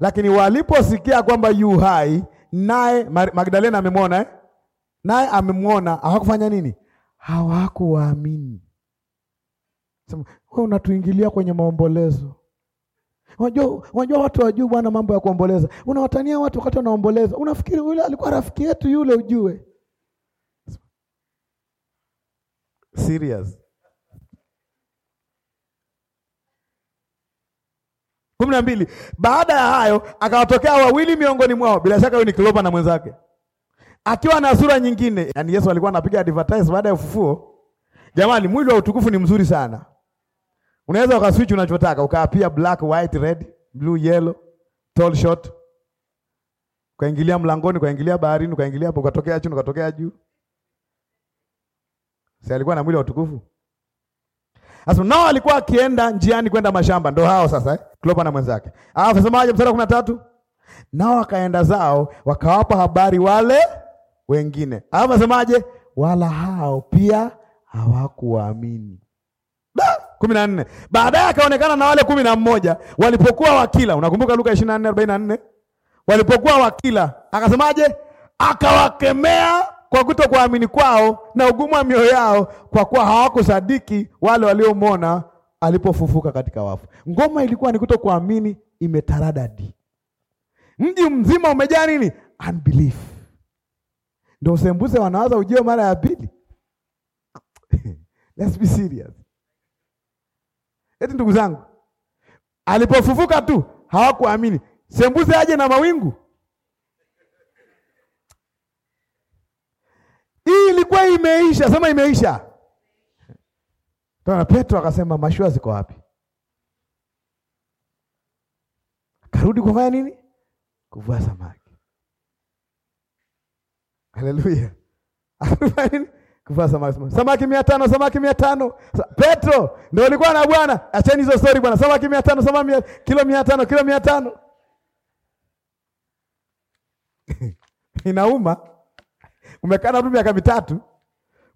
Lakini waliposikia kwamba yu hai, naye Magdalena amemwona eh? naye amemwona, hawakufanya nini? Hawakuwaamini. Sema wewe unatuingilia kwenye maombolezo. Unajua, unajua watu wajuu bwana mambo ya kuomboleza. Unawatania watu wakati wanaomboleza, unafikiri yule alikuwa rafiki yetu yule, ujue serious kumi na mbili. Baada ya hayo akawatokea wawili miongoni mwao, bila shaka huyu ni Kleopa na mwenzake, akiwa na sura nyingine. Yaani Yesu alikuwa anapiga advertise baada ya ufufuo. Jamani, mwili wa utukufu ni mzuri sana, unaweza ukaswitch unachotaka, ukaapia black, white, red, blue, yellow, tall, short, ukaingilia mlangoni, ukaingilia baharini, ukaingilia hapo, ukatokea chini, ukatokea juu. Si alikuwa na mwili wa utukufu? Asema nao alikuwa akienda njiani kwenda mashamba, ndo hao sasa eh? Klopa na mwenzake. Ah, msemaje mstari wa 13? Nao wakaenda zao wakawapa habari wale wengine. Ah, msemaje? Wala hao pia hawakuamini. Kumi na nne. Baadaye akaonekana na wale kumi na mmoja walipokuwa wakila. Unakumbuka Luka 24:44? Walipokuwa wakila, akasemaje? Akawakemea kwa kuamini kwao na ugumu wa mioyo yao, kwa kuwa hawakusadiki wale waliomwona alipofufuka katika wafu. Ngoma ilikuwa ni kutokuamini imetaradadi. Mji mzima umejaa nini? Unbelief. Ndio sembuse wanawaza ujio mara ya pili. Let's be serious. Eti ndugu zangu, alipofufuka tu hawakuamini. Sembuse aje na mawingu ilikuwa imeisha, sema imeisha. Tena Petro akasema mashua ziko wapi? Akarudi kufanya nini? Kuvua samaki. Haleluya! kuvua samaki, samaki mia tano, samaki mia tano. Petro ndio alikuwa na bwana, acheni hizo story bwana, samaki mia tano, samaki kilo mia tano, kilo mia tano inauma umekaa na mtu miaka mitatu,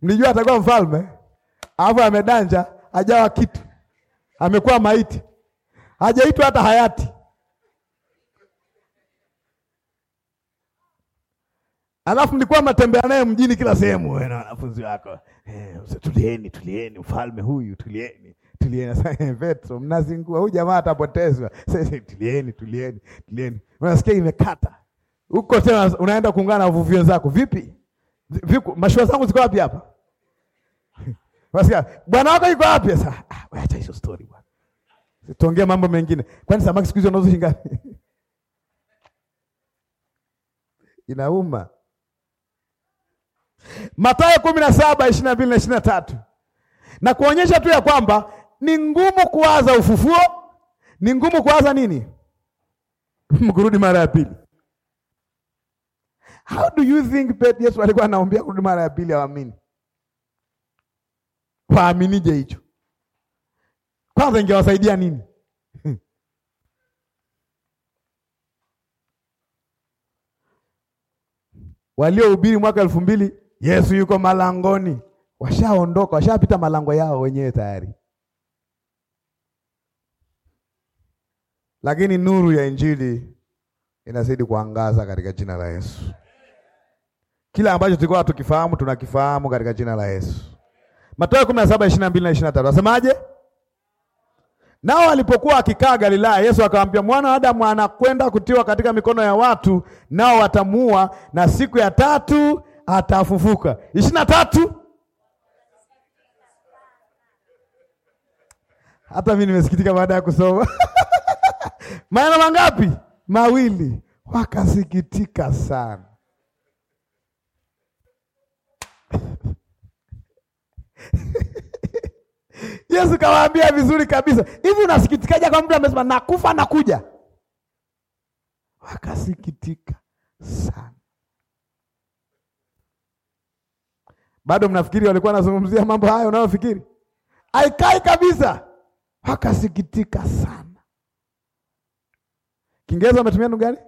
mlijua atakuwa mfalme, alafu amedanja, ajawa kitu, amekuwa maiti, hajaitwa hata hayati. Alafu mlikuwa mnatembea naye mjini kila sehemu, wewe na wanafunzi wako, eh, tulieni, tulieni, mfalme huyu, tulieni tulieni eh, Petro, mnazingua huyu jamaa atapotezwa. Sasa tulieni, tulieni, tulieni, unasikia imekata huko tena, unaenda kuungana na wavuvi wenzako vipi? Viku, mashua zangu ziko wapi hapa? Wasikia, bwana wako yuko wapi sasa? Ah, acha hizo story bwana. Tuongee mambo mengine. Kwani samaki siku hizo unazo shilingi ngapi? Inauma. Mathayo 17:22 na 23. Na kuonyesha tu ya kwamba ni ngumu kuwaza ufufuo, ni ngumu kuwaza nini? Mkurudi mara ya pili. How do you think Pet Yesu alikuwa anaombea kurudi mara ya pili waamini? Waaminije hicho? Kwanza ingewasaidia nini? Waliohubiri mwaka elfu mbili Yesu yuko malangoni, washaondoka, washapita malango yao wenyewe tayari. Lakini nuru ya Injili inazidi kuangaza katika jina la Yesu. Kila ambacho tulikuwa hatukifahamu tunakifahamu katika jina la Yesu. Mathayo 17:22 na 23. Nasemaje? Nao alipokuwa akikaa Galilaya, Yesu akamwambia, mwana wa Adamu anakwenda kutiwa katika mikono ya watu, nao watamua na siku ya tatu atafufuka. ishirini na tatu. Hata mimi nimesikitika baada ya kusoma maneno mangapi? Mawili. Wakasikitika sana. Yesu kawaambia vizuri kabisa. Hivi unasikitikaje kwa mtu amesema nakufa nakuja? Wakasikitika sana. Bado mnafikiri walikuwa wanazungumzia mambo hayo unayofikiri? Haikai kabisa. Wakasikitika sana. Kiingereza wametumia lugha gani?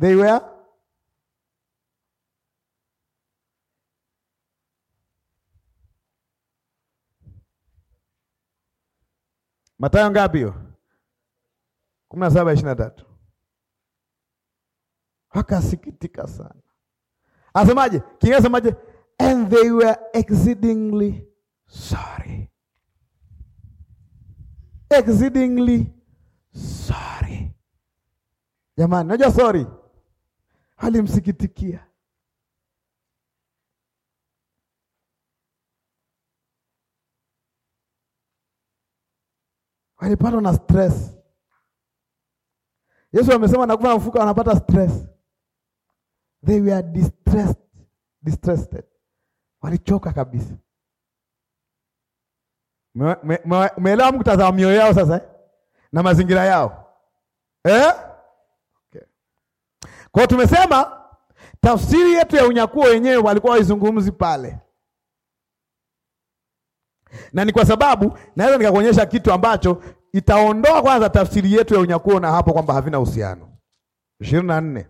They were Mathayo ngapi hiyo? kumi na saba ishirini na tatu. Wakasikitika sana. Asemaje? Kinasemaje? And they were exceedingly sorry. Exceedingly sorry. Jamani, najua sorry. Alimsikitikia walipatwa na stress. Yesu amesema nakufa na kufuka wanapata stress. They were distressed, distressed. Walichoka kabisa. Umeelewa mkutazama mioyo yao sasa eh? Na mazingira yao eh? Okay. Kwa tumesema tafsiri yetu ya unyakuo wenyewe walikuwa waizungumzi pale na ni kwa sababu naweza nikakuonyesha kitu ambacho itaondoa kwanza tafsiri yetu ya unyakuo na hapo kwamba havina uhusiano. ishirini na nne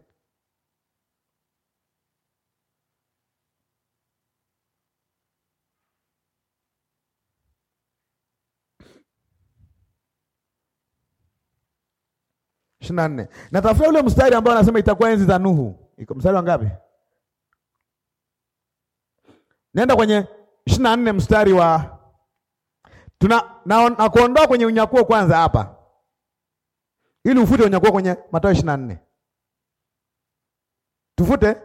ishirini na nne natafuta ule mstari ambao anasema itakuwa enzi za Nuhu. Iko mstari wa ngapi? Nenda kwenye ishirini na nne mstari wa Tuna na, na kuondoa kwenye unyakuo kwanza hapa ili ufute unyakuo kwenye Mathayo 24. Tufute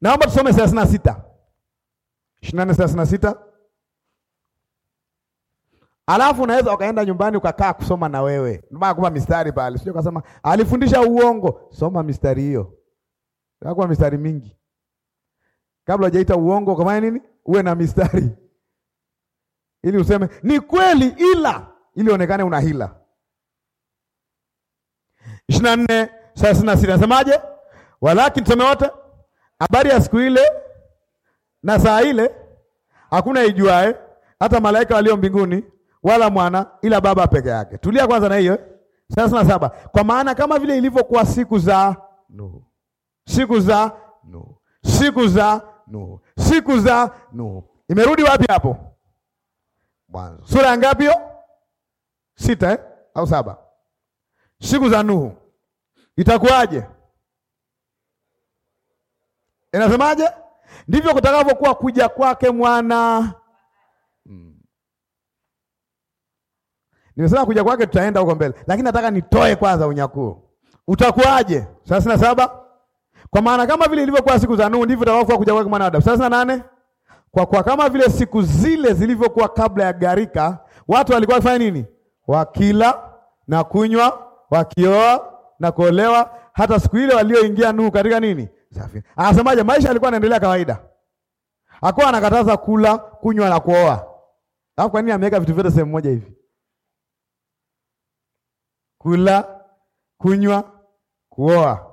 naomba tusome thelathini na sita ishirini na nne thelathini na sita alafu unaweza ukaenda nyumbani ukakaa kusoma na wewe akupa mistari pale, sio kasema alifundisha uongo. Soma mistari hiyo, akua mistari mingi kabla hujaita uongo kama nini, uwe na mistari ili useme ni kweli, ila ili onekane una hila. ishirini na nne thelathini na sita nasemaje? Walakini tuseme wote habari ya siku ile na saa ile hakuna ijuae, hata malaika walio mbinguni, wala mwana, ila Baba peke yake. Tulia kwanza na hiyo eh. thelathini na saba. Kwa maana kama vile ilivyokuwa siku za Nuhu, siku za Nuhu siku za Nuhu, siku za Nuhu. Imerudi wapi hapo? Mwanzo sura ya ngapi hiyo? Sita eh? au saba? Siku za Nuhu itakuwaje? Inasemaje? Ndivyo kutakavyokuwa kuja kwake mwana. Hmm. Nimesema kuja kwake, tutaenda huko mbele, lakini nataka nitoe kwanza unyakuo utakuwaje. Thelathini na saba kwa maana kama vile ilivyokuwa siku za Nuhu ndivyo itakavyokuwa kuja kwa mwana wa Adamu. Sasa nane kwa kuwa kama vile siku zile zilivyokuwa kabla ya gharika, watu walikuwa wakifanya nini? Wakila na kunywa, wakioa na kuolewa, hata siku ile walioingia Nuhu katika nini? Safina. Anasemaje? Maisha yalikuwa yanaendelea kawaida, hakuwa anakataza kula, kunywa na kuoa. Alafu kwa nini ameweka vitu vyote sehemu moja hivi? Kula, kunywa, kuoa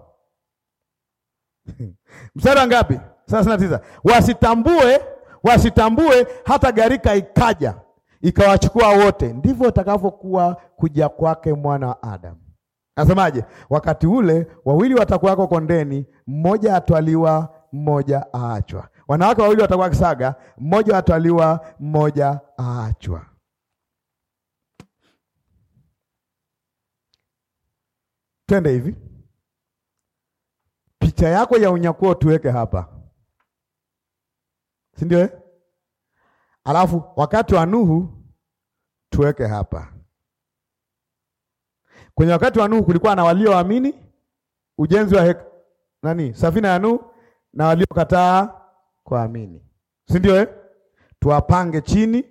mstari wa ngapi? thelathini na tisa. Wasitambue, wasitambue hata gharika ikaja ikawachukua wote, ndivyo utakavyokuwa kuja kwake mwana wa Adamu. Nasemaje? Wakati ule wawili watakuwako kondeni, mmoja atwaliwa, mmoja aachwa. Wanawake wawili watakuwa kisaga, mmoja atwaliwa, mmoja aachwa. Twende hivi picha yako ya unyakuo tuweke hapa, si ndio? Eh? Alafu wakati wa Nuhu tuweke hapa. Kwenye wakati wa Nuhu kulikuwa na walioamini ujenzi wa heka, nani safina ya Nuhu na waliokataa kuamini, si ndio eh? Tuwapange chini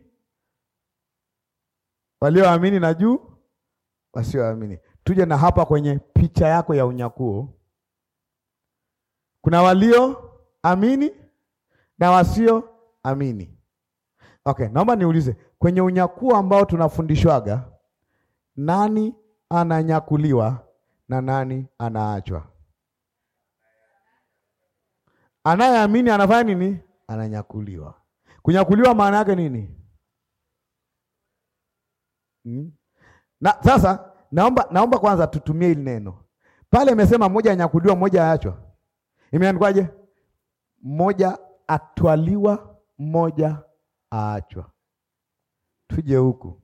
walioamini na juu wasioamini, tuje na hapa kwenye picha yako ya unyakuo kuna walio amini na wasio amini. Okay, naomba niulize kwenye unyakuo ambao tunafundishwaga, nani ananyakuliwa na nani anaachwa? Anayeamini anafanya nini? Ananyakuliwa. Kunyakuliwa maana yake nini? Hmm. Na sasa naomba naomba kwanza tutumie hili neno pale, imesema mmoja anyakuliwa, mmoja aachwa Imeandikwaje? Mmoja atwaliwa, mmoja aachwa. Tuje huku,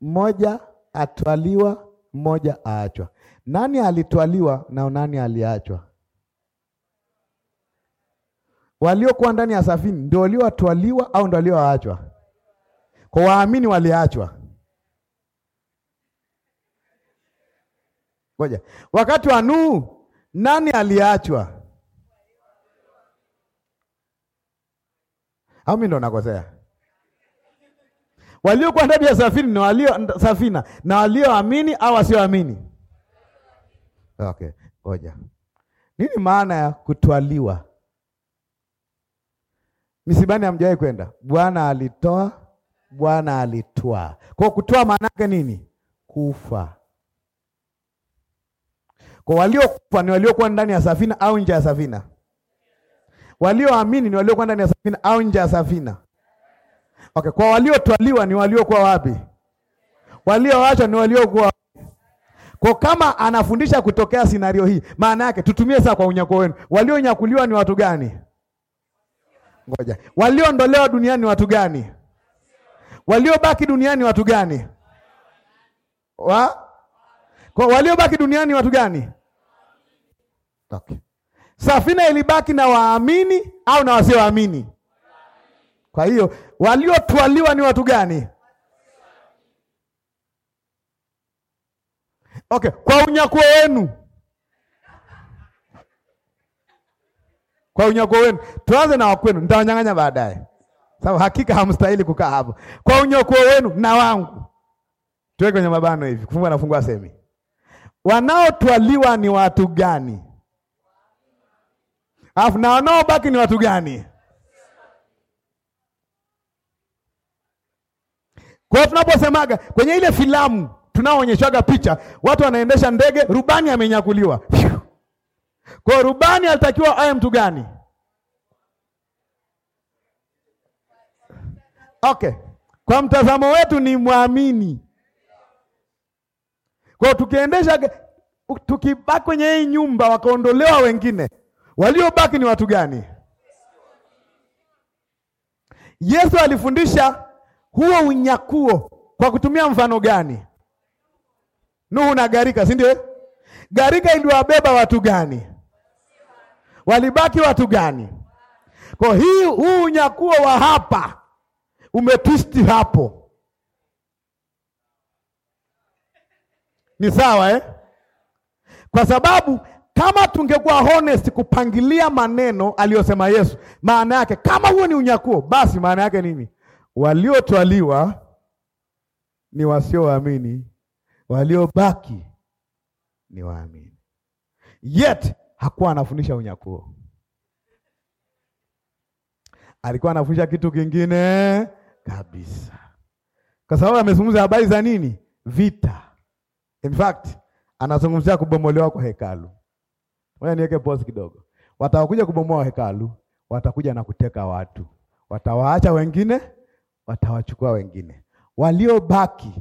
mmoja atwaliwa, mmoja aachwa. Nani alitwaliwa na nani aliachwa? Waliokuwa ndani ya safini ndio waliotwaliwa au ndio walioachwa? Kwa waamini waliachwa. Ngoja, wakati wa Nuhu nani aliachwa? Au mimi ndo nakosea? Waliokuwa ndani ya safina na walio safina na walioamini au wasioamini? Okay, ngoja. Nini maana ya kutwaliwa? Misibani hamjawahi kwenda? Bwana alitoa, Bwana alitwaa. Kwa kutwaa maana yake nini? Kufa. Kwa waliokufa ni waliokuwa ndani ya safina au nje ya safina. Walioamini ni waliokuwa ndani ya safina au nje ya safina. Okay, kwa waliotwaliwa ni waliokuwa wapi? Walioachwa ni waliokuwa kwa kama anafundisha kutokea sinario hii, maana yake tutumie saa kwa unyako wenu. Walionyakuliwa ni watu gani? Ngoja, waliondolewa duniani ni watu gani? Waliobaki duniani ni watu gani? wa kwa waliobaki duniani watu gani? Okay. Safina ilibaki na waamini au na wasioamini? Kwa hiyo waliotwaliwa ni watu gani? Okay, kwa unyakuo wenu, kwa unyakuo wenu tuanze na wakwenu, nitawanyang'anya baadaye, sababu hakika hamstahili kukaa hapo. Kwa unyakuo wenu na wangu, tuweke kwenye mabano hivi, na fungua semi wanaotwaliwa ni watu gani? Alafu na wanaobaki ni watu gani? Kwa hiyo tunaposemaga kwenye ile filamu tunaoonyeshwaga picha, watu wanaendesha ndege, rubani amenyakuliwa. Kwa rubani alitakiwa aye mtu gani? Okay, kwa mtazamo wetu ni mwamini kwa tukiendesha, tukibaki kwenye hii nyumba wakaondolewa wengine, waliobaki ni watu gani? Yesu alifundisha huo unyakuo kwa kutumia mfano gani? Nuhu na gharika, si ndio? Gharika iliwabeba watu gani? Walibaki watu gani? Kwa hii huu unyakuo wa hapa umetwisti hapo Ni sawa eh? Kwa sababu kama tungekuwa honest kupangilia maneno aliyosema Yesu, maana yake kama huo ni unyakuo, basi maana yake nini? Waliotwaliwa ni wasioamini, waliobaki ni waamini. Yet hakuwa anafundisha unyakuo, alikuwa anafundisha kitu kingine kabisa, kwa sababu amezungumza habari za nini? Vita In fact, anazungumzia kubomolewa kwa hekalu. Ngoja niweke pause kidogo. Watakuja kubomoa hekalu, watakuja na kuteka watu, watawaacha wengine, watawachukua wengine, waliobaki,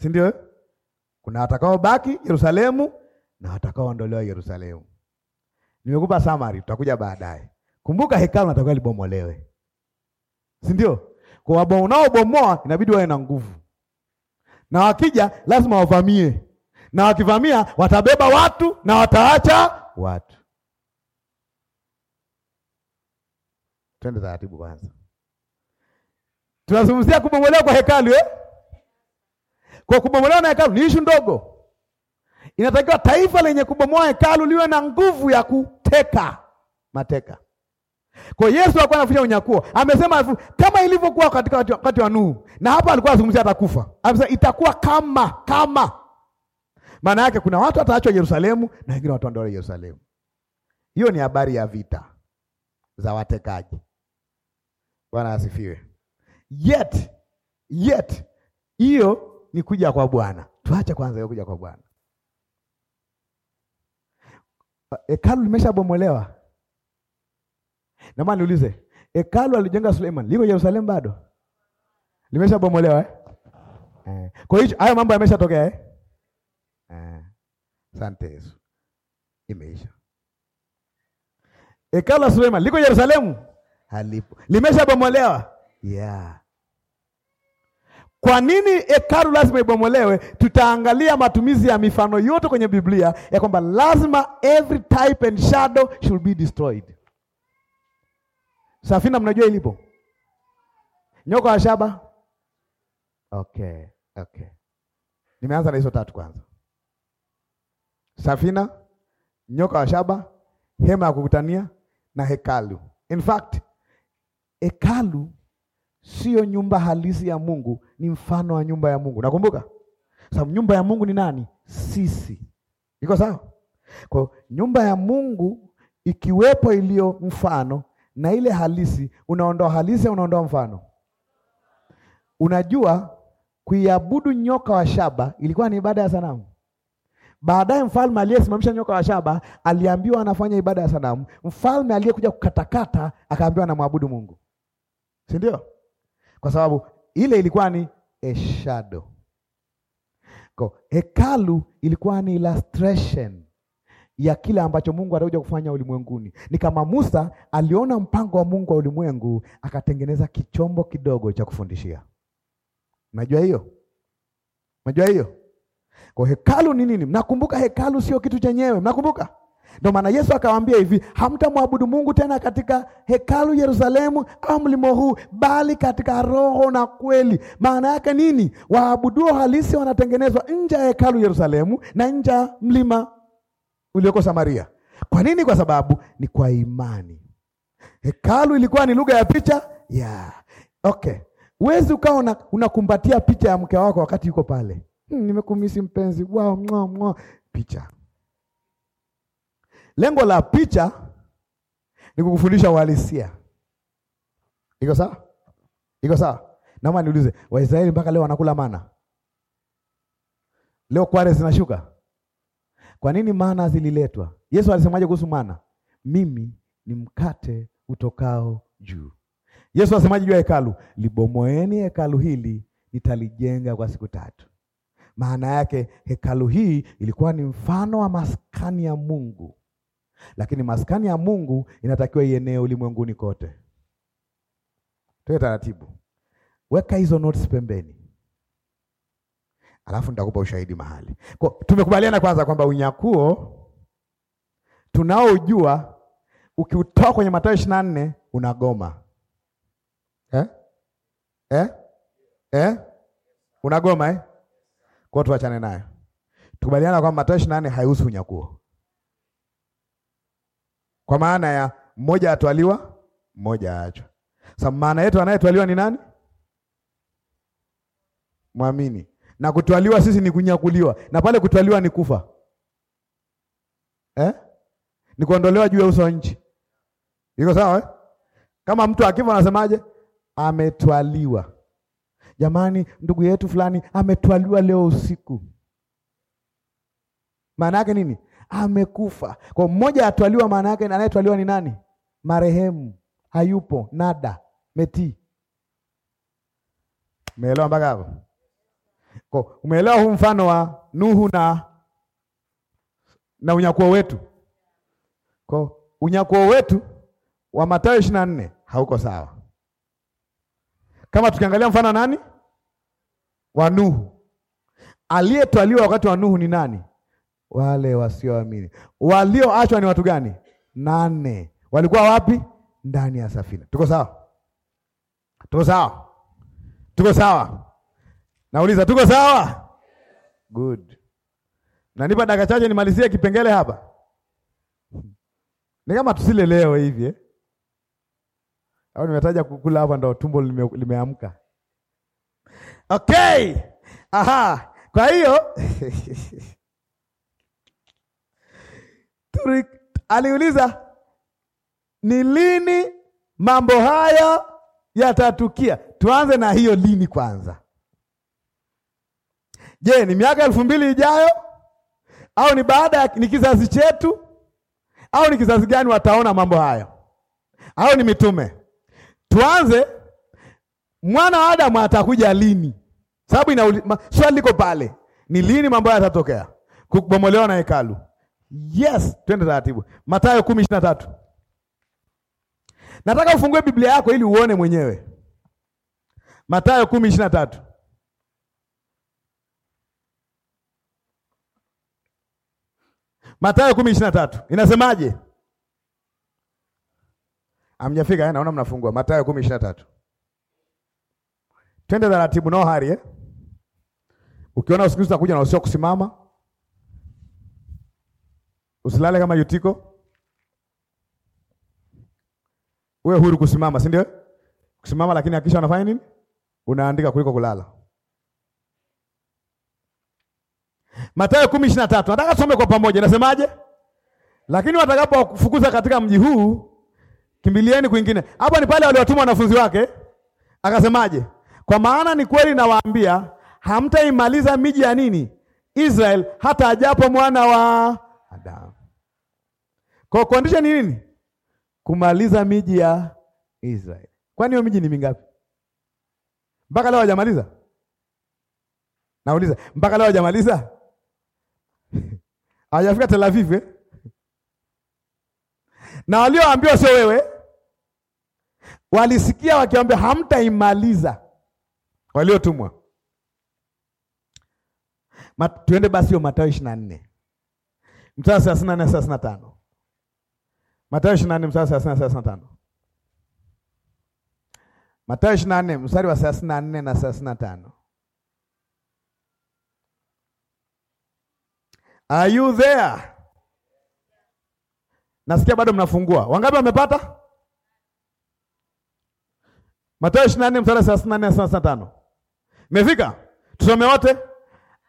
si ndio? Kuna watakaobaki Yerusalemu na watakaoondolewa Yerusalemu. Nimekupa summary, tutakuja baadaye. Kumbuka hekalu natakiwa libomolewe, si ndio? Kwa wabao unaobomoa inabidi wawe na nguvu na wakija lazima wavamie, na wakivamia watabeba watu na wataacha watu. Twende taratibu kwanza, tunazungumzia kubomolewa kwa hekalu eh? Kwa kubomolewa na hekalu ni ishu ndogo. Inatakiwa taifa lenye kubomoa hekalu liwe na nguvu ya kuteka mateka kwa Yesu alikuwa anafanya unyakuo. Amesema kama ilivyokuwa katika wakati wa Nuhu. Na hapa alikuwa azungumzia atakufa. Amesema itakuwa kama kama. Maana yake kuna watu wataachwa Yerusalemu na wengine wataondolewa Yerusalemu. Hiyo ni habari ya vita za watekaji. Bwana asifiwe. Yet yet hiyo ni kuja kwa Bwana. Tuache kwanza hiyo kuja kwa Bwana. Hekalu limeshabomolewa maana niulize, hekalu alijenga Suleiman liko Yerusalemu bado? Limeshabomolewa eh? Eh. Kwa hiyo hayo mambo yameshatokea eh? Eh. Asante Yesu. Imeisha. Hekalu la Suleiman liko Yerusalemu? Halipo. Limeshabomolewa? Yeah. Kwa nini hekalu lazima ibomolewe? Tutaangalia matumizi ya mifano yote kwenye Biblia ya kwamba lazima every type and shadow should be destroyed. Safina mnajua ilipo? Nyoka wa shaba? Okay, okay. Nimeanza na hizo tatu kwanza. Safina, nyoka wa shaba, hema ya kukutania na hekalu. In fact, hekalu sio nyumba halisi ya Mungu, ni mfano wa nyumba ya Mungu. Nakumbuka? Sababu nyumba ya Mungu ni nani? Sisi. Iko sawa? Kwa nyumba ya Mungu ikiwepo iliyo mfano na ile halisi. Unaondoa halisi, unaondoa mfano. Unajua kuiabudu nyoka wa shaba ilikuwa ni ibada ya sanamu. Baadaye mfalme aliyesimamisha nyoka wa shaba aliambiwa anafanya ibada ya sanamu. Mfalme aliyekuja kukatakata akaambiwa anamwabudu Mungu, si ndio? Kwa sababu ile ilikuwa ni a shadow. Hekalu ilikuwa ni illustration ya kile ambacho Mungu atakuja kufanya ulimwenguni. Ni kama Musa aliona mpango wa Mungu wa ulimwengu, akatengeneza kichombo kidogo cha kufundishia. Unajua hiyo? Unajua hiyo? Kwa hekalu ni nini? Mnakumbuka hekalu sio kitu chenyewe, mnakumbuka? Ndio maana Yesu akawaambia hivi, hamtamwabudu Mungu tena katika hekalu Yerusalemu au mlimo huu, bali katika roho na kweli. Maana yake nini? Waabuduo halisi wanatengenezwa nje ya hekalu Yerusalemu na nje ya mlima ulioko Samaria. Kwa nini? Kwa sababu ni kwa imani. Hekalu ilikuwa ni lugha ya picha yeah. Okay, huwezi ukawa unakumbatia picha ya mke wako wakati yuko pale. Hmm, nimekumisi mpenzi, wow, mwa mwa picha. Lengo la picha ni kukufundisha uhalisia. Iko sawa? Iko sawa? Naomba niulize, Waisraeli mpaka leo wanakula mana? Leo kware zinashuka kwa nini mana zililetwa? Yesu alisemaje kuhusu mana? Mimi ni mkate utokao juu. Yesu alisemaje juu ya hekalu? Libomoeni hekalu hili nitalijenga kwa siku tatu. Maana yake hekalu hii ilikuwa ni mfano wa maskani ya Mungu, lakini maskani ya Mungu inatakiwa ienee ulimwenguni kote. Tuwe taratibu, weka hizo notes pembeni alafu nitakupa ushahidi mahali. Kwa tumekubaliana kwanza kwamba unyakuo tunaojua ukiutoa kwenye Mathayo ishirini na nne unagoma eh? Eh? Eh? Unagoma eh? Kwa tuachane nayo. Tukubaliana kwamba Mathayo ishirini na nne haihusu unyakuo kwa maana ya mmoja atwaliwa mmoja aachwa. Sasa maana yetu anayetwaliwa ni nani? Mwamini na kutwaliwa sisi ni kunyakuliwa, na pale kutwaliwa ni kufa eh? ni kuondolewa juu ya uso wa nchi. Iko sawa eh? Kama mtu akifa anasemaje? Ametwaliwa. Jamani, ndugu yetu fulani ametwaliwa leo usiku. Maana yake nini? Amekufa. Kwa mmoja atwaliwa, maana yake anayetwaliwa ni nani? Marehemu hayupo, nada meti. Umeelewa mpaka hapo? Kwa umeelewa huu mfano wa Nuhu na na unyakuo wetu? Kwa unyakuo wetu wa Mathayo ishirini na nne hauko sawa. Kama tukiangalia mfano nani wa Nuhu, aliyetwaliwa wakati wa Nuhu ni nani? Wale wasioamini. Walioachwa ni watu gani? Nane. Walikuwa wapi? Ndani ya safina. Tuko sawa? Tuko sawa? Tuko sawa? Nauliza, tuko sawa? Good. Nanipa dakika chache nimalizie kipengele hapa. Ni kama tusile leo hivi eh? Au nimetaja kukula hapa ndo tumbo lime, limeamka. Okay. Aha. Kwa hiyo aliuliza ni lini mambo haya yatatukia? Tuanze na hiyo lini kwanza. Je, ni miaka elfu mbili ijayo au ni baada ya ni kizazi chetu au ni kizazi gani wataona mambo hayo? Au ni mitume? Tuanze, mwana wa Adamu atakuja lini? Sababu ina swali liko pale, ni lini mambo haya yatatokea? Kubomolewa na hekalu. Yes, twende taratibu. Mathayo 10:23. Nataka ufungue Biblia yako ili uone mwenyewe. Mathayo Mathayo 10:23 inasemaje? Amjafika eh? Naona mnafungua Mathayo 10:23. Twende taratibu no hari eh? Ukiona usingizi utakuja na usio kusimama. Usilale kama Yutiko. Wewe huru kusimama, si ndio? Eh? Kusimama lakini hakisha unafanya nini? Unaandika kuliko kulala. Mathayo 10:23. Nataka tusome kwa pamoja. Nasemaje? Lakini watakapo kufukuza katika mji huu, kimbilieni kwingine. Hapo ni pale waliwatuma wanafunzi wake. Akasemaje? Kwa maana ni kweli nawaambia, hamtaimaliza miji ya nini? Israel hata ajapo mwana wa Adamu. Kwa kuandisha ni nini? Kumaliza miji ya Israel. Kwani hiyo miji ni mingapi? Mpaka leo hajamaliza? Nauliza, mpaka leo hajamaliza? hajafika Tel Aviv eh? na walioambiwa sio wewe, walisikia wakiambia hamtaimaliza, waliotumwa. Tuende basi hiyo Mathayo ishirini na nne mstari thelathini na nne thelathini na tano Mathayo ishirini na nne mstari thelathini na nne thelathini na tano Mathayo ishirini na nne mstari wa thelathini na nne na thelathini na tano Are you there? Nasikia bado mnafungua. Wangapi wamepata? Mathayo 24 mstari 34 35. Imefika? Tusome wote.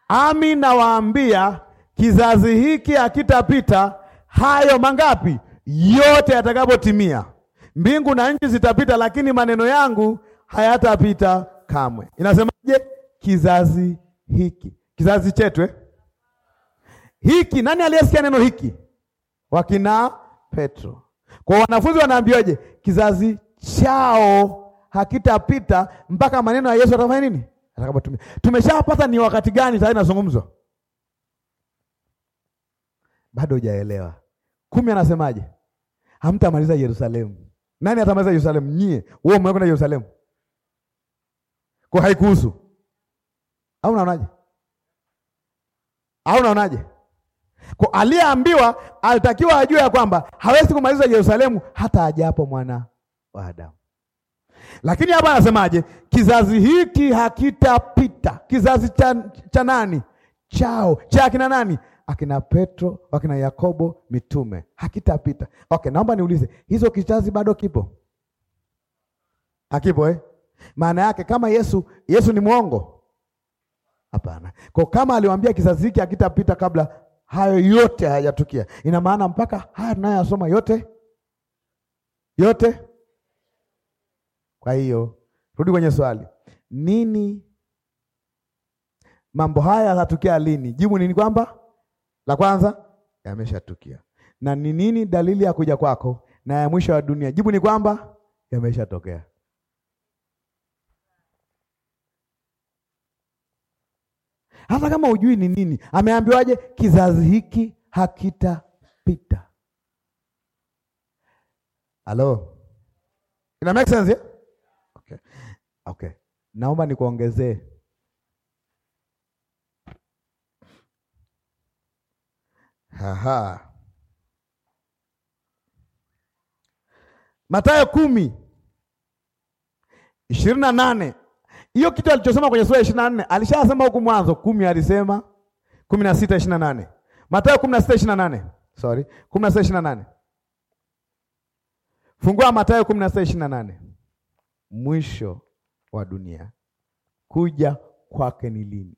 Ami nawaambia kizazi hiki hakitapita hayo mangapi yote yatakapotimia. Mbingu na nchi zitapita, lakini maneno yangu hayatapita kamwe. Inasemaje? Kizazi hiki, kizazi chetu eh? hiki. Nani aliyesikia neno hiki? Wakina Petro. Kwa wanafunzi wanaambiwaje? Kizazi chao hakitapita mpaka maneno ya Yesu atafanya nini? Atakapotumia. Tumeshapata ni wakati gani tayari nazungumzwa? Bado hujaelewa. Kumi anasemaje? Hamtamaliza Yerusalemu. Nani atamaliza Yerusalemu? Nyie. Wewe umekwenda Yerusalemu. Kwa haikuhusu. Au unaonaje? Au unaonaje? Kwa aliyeambiwa alitakiwa ajue ya kwamba hawezi kumaliza Yerusalemu hata ajapo mwana wa Adamu. Lakini hapa anasemaje? Kizazi hiki hakitapita. Kizazi cha, cha nani? Chao cha akina nani? Akina Petro, akina Yakobo, mitume, hakitapita. Okay, naomba niulize, hizo kizazi bado kipo? Hakipo eh? Maana yake kama Yesu, Yesu ni mwongo? Hapana. Kwa kama aliwaambia kizazi hiki hakitapita kabla hayo yote hayajatukia. Ina maana mpaka haya tunayoyasoma yote yote. Kwa hiyo rudi kwenye swali, nini mambo haya yatatukia lini? Jibu nini? Kwamba la kwanza yameshatukia. Na ni nini dalili ya kuja kwako? Na ya mwisho ya dunia? Jibu ni kwamba yameshatokea. hata kama hujui ni nini. Ameambiwaje? Kizazi hiki hakitapita. Halo, ina make sense yeah? Okay. Okay, naomba nikuongezee Aha. Mathayo kumi ishirini na nane hiyo kitu alichosema kwenye sura ya 24 alishasema huku mwanzo 10 alisema 16 28. Mathayo 16 28. Sorry, 16 28. Fungua Mathayo 16 28. Mwisho wa dunia kuja kwake ni lini?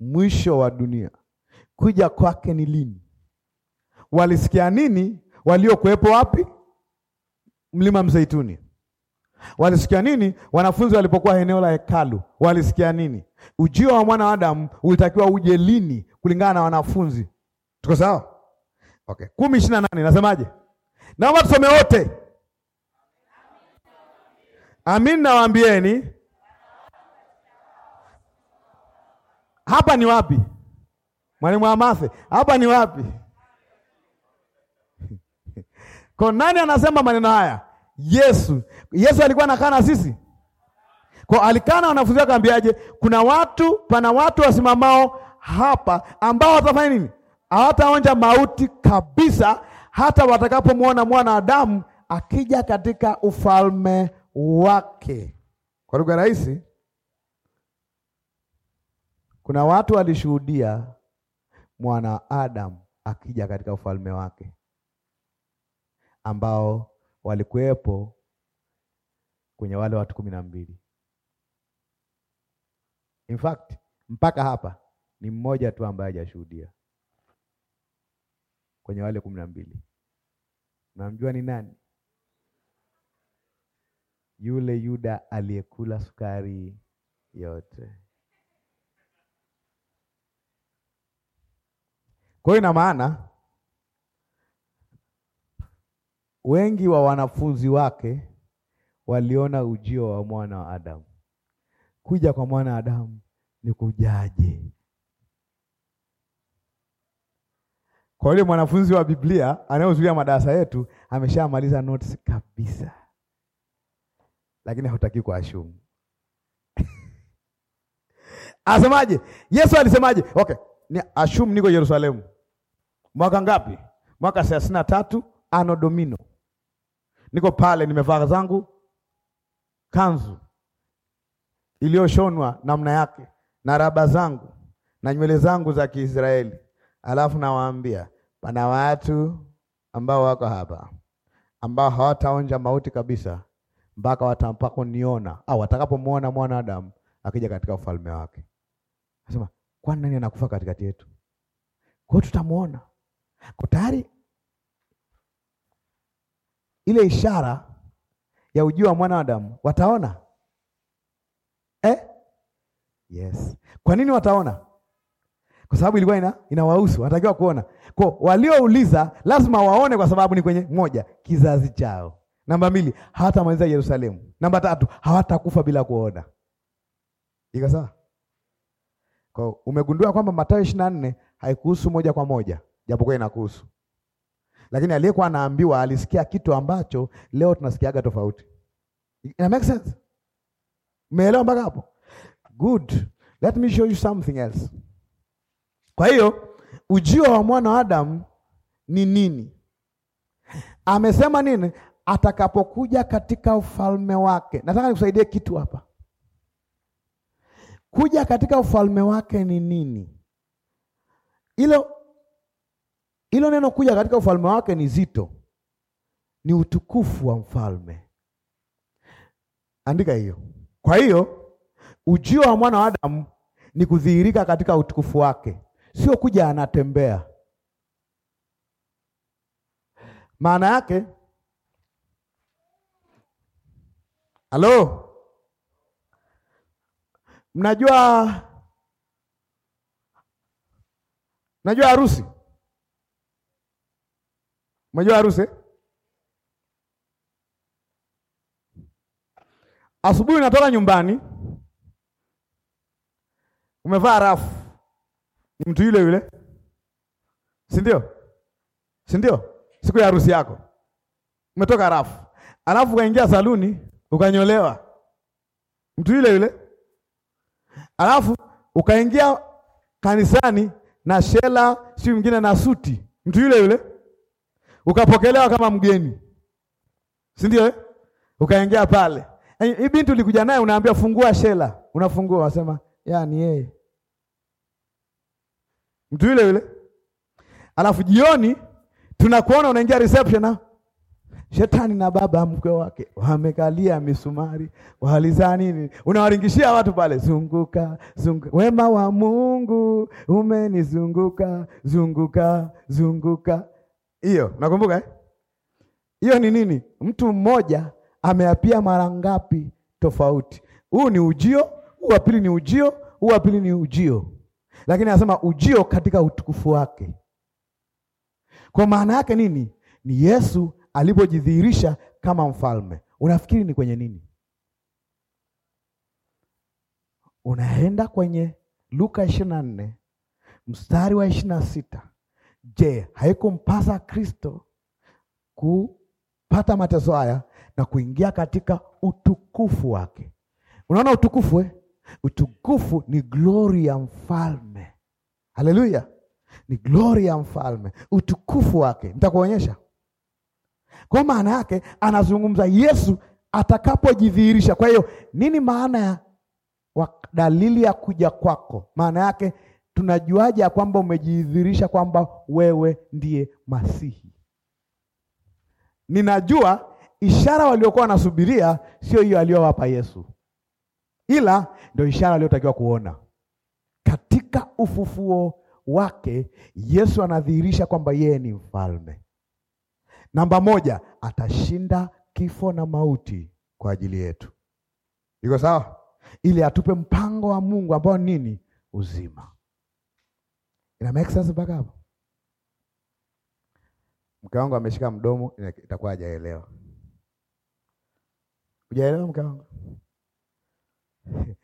Mwisho wa dunia kuja kwake ni lini? Walisikia nini waliokuwepo wapi? mlima Mzeituni. Walisikia nini? Wanafunzi walipokuwa eneo la hekalu walisikia nini? Ujio wa mwana wa Adamu ulitakiwa uje lini kulingana na wanafunzi? Tuko sawa? Okay. kumi ishirini na nane nasemaje? Naomba tusome wote. Amin, nawaambieni hapa ni wapi? Mwalimu Amathe, hapa ni wapi? Kwa nani anasema maneno haya? Yesu. Yesu alikuwa anakaa na sisi? Kwa alikana wanafunzi kambiaje akamwambiaje? Kuna watu, pana watu wasimamao hapa ambao watafanya nini? Hawataonja mauti kabisa hata watakapomwona Adamu akija katika ufalme wake. Kwa lugha rahisi, kuna watu walishuhudia mwana Adam akija katika ufalme wake ambao walikuwepo kwenye wale watu kumi na mbili. In fact, mpaka hapa ni mmoja tu ambaye hajashuhudia kwenye wale kumi na mbili. Namjua ni nani? Yule Yuda aliyekula sukari yote. Kwa hiyo ina maana wengi wa wanafunzi wake waliona ujio wa mwana wa Adamu. Kuja kwa mwana wa Adamu ni kujaje? Kwa yule mwanafunzi wa Biblia anayehudhuria madarasa yetu ameshamaliza notes kabisa, lakini hautaki kuashumu. Asemaje? Yesu alisemaje? Okay, ni ashumu niko Yerusalemu mwaka ngapi? Mwaka thelathini na tatu anodomino Niko pale nimevaa zangu kanzu iliyoshonwa namna yake na raba zangu na nywele zangu za Kiisraeli, alafu nawaambia pana watu ambao wako hapa ambao hawataonja mauti kabisa mpaka niona au watakapomwona mwanadamu akija katika ufalme wake. Nasema kwani nani anakufa katikati yetu? Kwa hiyo tutamuona. Kwa tayari ile ishara ya ujio wa mwana wa Adamu wataona eh? Yes. Kwa nini wataona? Kwa sababu ilikuwa ina inawahusu, wanatakiwa kuona. Kwa waliouliza lazima waone, kwa sababu ni kwenye moja, kizazi chao. Namba mbili, hawatamaliza Yerusalemu. Namba tatu, hawatakufa bila kuona. Iko sawa? Kwa umegundua kwamba Mathayo 24 haikuhusu moja kwa moja, japokuwa inakuhusu lakini aliyekuwa anaambiwa alisikia kitu ambacho leo tunasikiaga tofauti. Ina make sense? Umeelewa mpaka hapo? Good. Let me show you something else. Kwa hiyo ujio wa mwana wa Adamu ni nini? Amesema nini? Atakapokuja katika ufalme wake. Nataka nikusaidie kitu hapa. Kuja katika ufalme wake ni nini? Ilo hilo neno kuja katika ufalme wake ni zito, ni utukufu wa mfalme. Andika hiyo. Kwa hiyo ujio wa mwana wa Adamu ni kudhihirika katika utukufu wake, sio kuja anatembea. Maana yake halo, mnajua mnajua harusi Umejua harusi? Asubuhi unatoka nyumbani umevaa rafu, ni mtu yule yule, si ndio? Si ndio? Siku ya harusi yako umetoka rafu, alafu ukaingia saluni ukanyolewa, mtu yule yule, alafu ukaingia kanisani na shela, si mwingine na suti, mtu yule yule ukapokelewa kama mgeni, si ndio eh? Ukaingia pale, hii binti ulikuja naye, unaambia fungua shela, unafungua, wasema yani yeye mtu yule yule. Alafu jioni tunakuona unaingia reception na ah. shetani na baba mkwe wake wamekalia misumari, wahaliza nini? Unawaringishia watu pale, zunguka zunguka, wema wa Mungu umenizunguka, zunguka zunguka hiyo nakumbuka eh? Hiyo ni nini? Mtu mmoja ameapia mara ngapi tofauti? Huu ni ujio, huu wa pili ni ujio, huu wa pili ni ujio, lakini anasema ujio katika utukufu wake. Kwa maana yake nini? Ni Yesu alipojidhihirisha kama mfalme. Unafikiri ni kwenye nini? Unaenda kwenye Luka 24 mstari wa sita Je, haikumpasa Kristo kupata mateso haya na kuingia katika utukufu wake? Unaona utukufu eh? Utukufu ni glori ya mfalme. Haleluya, ni glori ya mfalme, utukufu wake. Nitakuonyesha. Kwa maana yake anazungumza Yesu atakapojidhihirisha. Kwa hiyo nini maana ya dalili ya kuja kwako? Maana yake tunajuaje ya kwamba umejidhihirisha kwamba wewe ndiye Masihi? Ninajua ishara waliokuwa wanasubiria sio hiyo aliyowapa Yesu, ila ndio ishara aliyotakiwa kuona katika ufufuo wake. Yesu anadhihirisha kwamba yeye ni mfalme namba moja, atashinda kifo na mauti kwa ajili yetu. Iko sawa? Ili atupe mpango wa Mungu ambao nini? Uzima. Ina make sense mpaka hapo? Mke wangu ameshika mdomo, itakuwa hajaelewa. Hujaelewa mke wangu?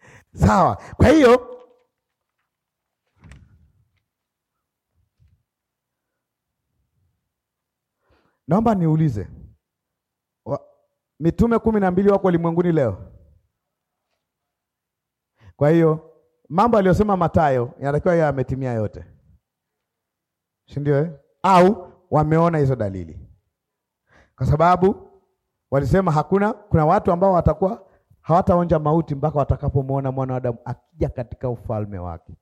Sawa. Kwa hiyo naomba niulize, mitume kumi na mbili wako ulimwenguni leo? Kwa hiyo mambo aliyosema Mathayo yanatakiwa yametimia ametimia yote si ndio? eh? Au wameona hizo dalili, kwa sababu walisema hakuna. Kuna watu ambao watakuwa hawataonja mauti mpaka watakapomwona mwana wa Adamu akija katika ufalme wake.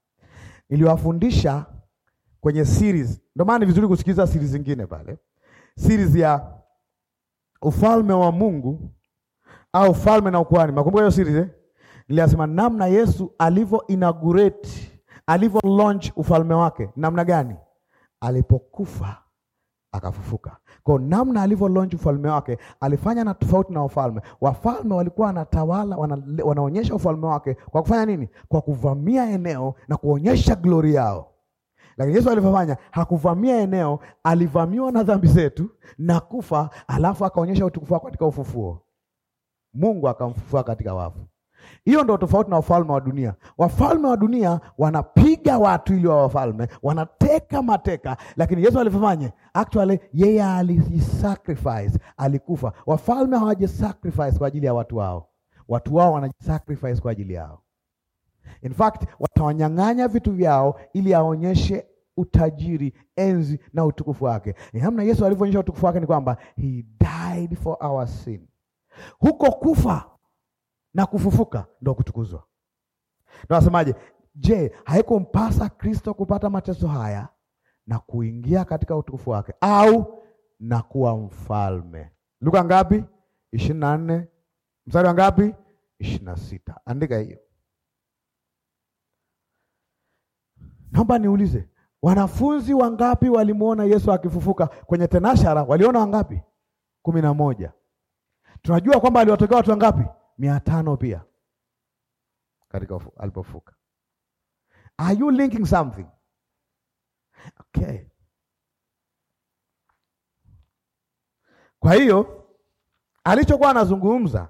Niliwafundisha kwenye series, ndio maana ni vizuri kusikiliza series zingine pale, series ya ufalme wa Mungu au ufalme na ukuhani. Makumbuka hiyo series eh? Niliasema namna Yesu alivyo inaugurate alivyo launch ufalme wake namna gani alipokufa akafufuka. Kwa namna alivyo launch ufalme wake alifanya na tofauti na wafalme. Wafalme walikuwa wanatawala, wanaonyesha ufalme wake kwa kufanya nini? Kwa kuvamia eneo na kuonyesha glori yao. Lakini Yesu alivyofanya hakuvamia eneo, alivamiwa na dhambi zetu na kufa, alafu akaonyesha utukufu wake katika ufufuo. Mungu akamfufua katika wafu. Hiyo ndo tofauti na wafalme wa dunia. Wafalme wa dunia wanapiga watu ili wa wafalme, wanateka mateka, lakini Yesu alifanyaje? Actually yeye alijisacrifice, alikufa. Wafalme hawajisacrifice kwa ajili ya watu wao, watu wao wanajisacrifice kwa ajili yao. In fact watawanyang'anya vitu vyao ili aonyeshe utajiri, enzi na utukufu wake. Namna Yesu alivyoonyesha utukufu wake ni kwamba he died for our sin. Huko kufa na kufufuka ndo kutukuzwa. Ndio nasemaje? Je, haikumpasa Kristo kupata mateso haya na kuingia katika utukufu wake, au na kuwa mfalme? Luka ngapi? ishirini na nne mstari wa ngapi? ishirini na sita Andika hiyo. Naomba niulize, wanafunzi wangapi walimuona Yesu akifufuka kwenye tenashara? Waliona wangapi? kumi na moja. Tunajua kwamba aliwatokea watu wangapi? mia tano pia katika alipofuka. Are you linking something? Okay. Kwa hiyo alichokuwa anazungumza,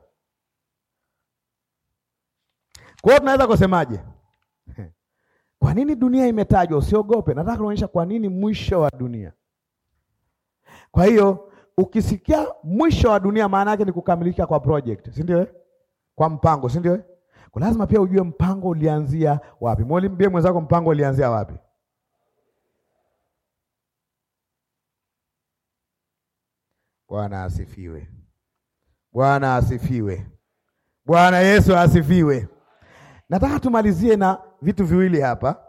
kwao, tunaweza kusemaje? Kwa nini dunia imetajwa? Usiogope, nataka kuonyesha kwa nini mwisho wa dunia. Kwa hiyo ukisikia mwisho wa dunia, maana yake ni kukamilika kwa project, si ndio? Eh? kwa mpango, si ndio? Eh? Kwa lazima pia ujue mpango ulianzia wapi. Mwalimbie mwenzako mpango ulianzia wapi? Bwana asifiwe. Bwana asifiwe. Bwana Yesu asifiwe. Nataka tumalizie na vitu viwili hapa,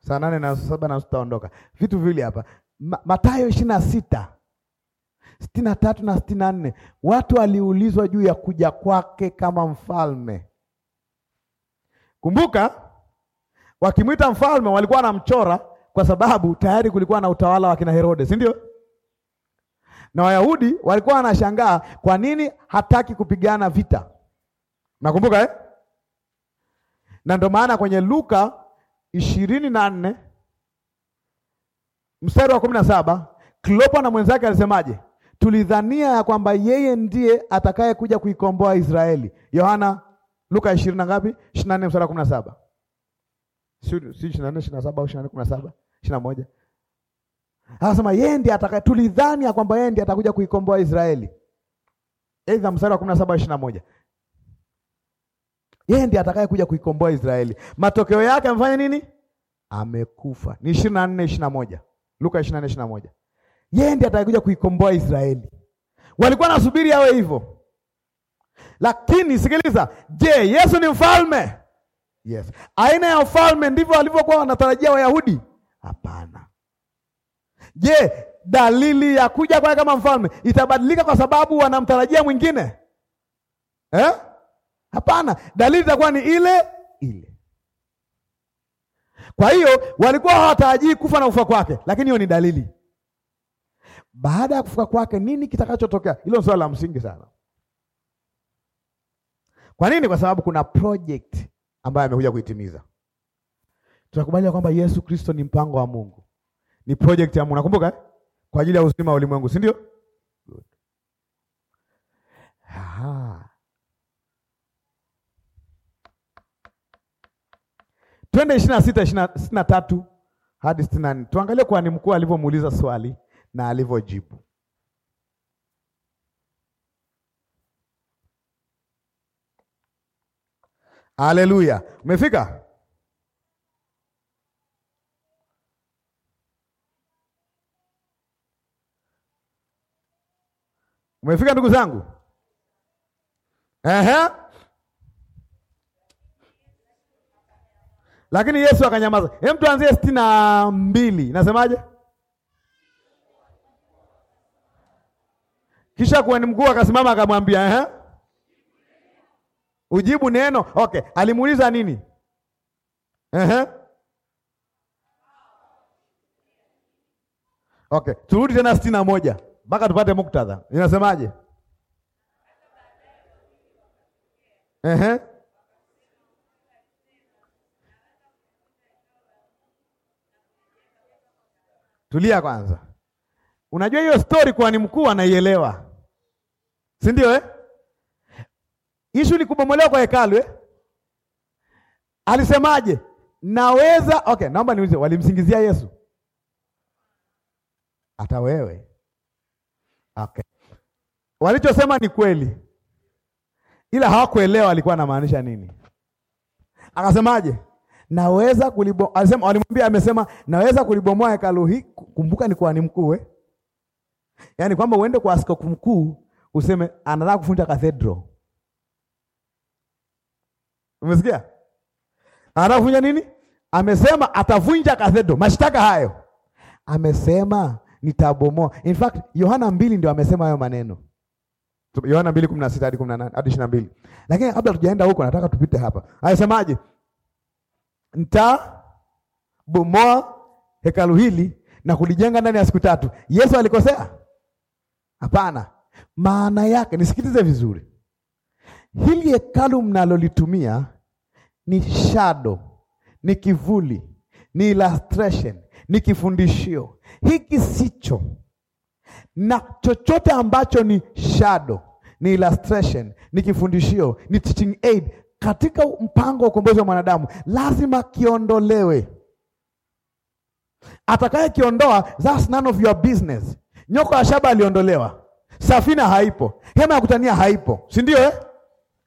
saa nane na saba na tutaondoka. Vitu viwili hapa, Mathayo ishirini na sita sitini na tatu na sitini na nne watu waliulizwa juu ya kuja kwake kama mfalme. Kumbuka wakimwita mfalme walikuwa wanamchora, kwa sababu tayari kulikuwa na utawala wa kina Herode, si ndio? Na Wayahudi walikuwa wanashangaa kwa nini hataki kupigana vita, nakumbuka eh? na ndio maana kwenye Luka ishirini na nne mstari wa kumi na saba Klopa na mwenzake alisemaje? tulidhania ya kwamba yeye ndiye atakaye kuja kuikomboa Israeli. Yohana Luka ishirini na ngapi? ishirini na nne mstari kumi na saba ishirini na nne ishirini na saba au ishirini na kumi na saba ishirini na moja Anasema yeye ndiye atakaye, tulidhani ya kwamba yeye ndiye atakuja kuikomboa Israeli. Aidha mstari wa kumi na saba ishirini na moja yeye ndiye atakaye kuja kuikomboa Israeli. Matokeo yake amfanya nini? Amekufa. Ni ishirini na nne ishirini na moja Luka ishirini na nne ishirini na moja yeye ndiye atakuja kuikomboa Israeli. Walikuwa nasubiri awe hivyo, lakini sikiliza, je, Yesu ni mfalme? Yes. Aina ya ufalme ndivyo walivyokuwa wanatarajia Wayahudi? Hapana. Je, dalili ya kuja kwake kama mfalme itabadilika kwa sababu wanamtarajia mwingine eh? Hapana, dalili itakuwa ni ile ile. Kwa hiyo walikuwa hawatarajii kufa na ufa kwake, lakini hiyo ni dalili baada ya kufuka kwake nini kitakachotokea? Hilo swali la msingi sana. Kwa nini? Kwa sababu kuna project ambayo amekuja kuitimiza. Tunakubalia kwamba Yesu Kristo ni mpango wa Mungu, ni project ya Mungu. Nakumbuka eh? kwa ajili ya uzima wa ulimwengu, si ndio? Aha. Twende ishirini na sita, ishirini na tatu hadi sitini na nne tuangalie kwani mkuu alivyomuuliza swali na alivyojibu. Haleluya, umefika? Umefika ndugu zangu? Ehe. Lakini Yesu akanyamaza. Hem, tuanzie sitini na mbili. Nasemaje? Kisha kuhani mkuu akasimama akamwambia, eh, ujibu neno. Okay, alimuuliza nini? Eh? Okay, turudi tena sitini na moja mpaka tupate muktadha inasemaje? Eh? Tulia kwanza. Unajua hiyo story kuhani mkuu anaielewa, si ndio eh? Ishu ni kubomolewa kwa hekalu eh? Alisemaje? Naweza okay, naomba niulize, walimsingizia Yesu hata wewe okay. Walichosema ni kweli, ila hawakuelewa alikuwa anamaanisha nini. Akasemaje? naweza kulibo, alisema, walimwambia amesema, naweza kulibomoa hekalu hii. Kumbuka ni kuhani mkuu eh? Yaani kwamba uende kwa askofu mkuu useme anataka kufunja kathedro. Umesikia? Anataka kufunja nini? Amesema atavunja kathedro. Mashtaka hayo amesema nitabomoa. In fact, Yohana mbili ndio amesema hayo maneno. Yohana mbili kumi na sita hadi kumi na nane hadi ishirini na mbili. Lakini kabla tujaenda huko, nataka tupite hapa. Anasemaje? Nitabomoa hekalu hili na kulijenga ndani ya siku tatu. Yesu alikosea? Hapana, maana yake, nisikilize vizuri, hili hekalu mnalolitumia ni shadow, ni kivuli, ni illustration, ni kifundishio. Hiki sicho na chochote ambacho ni shadow, ni illustration, ni kifundishio, ni teaching aid katika mpango wa ukombozi wa mwanadamu lazima kiondolewe. Atakayekiondoa, that's none of your business. Nyoka ya shaba aliondolewa, safina haipo, hema ya kutania haipo, si ndio eh?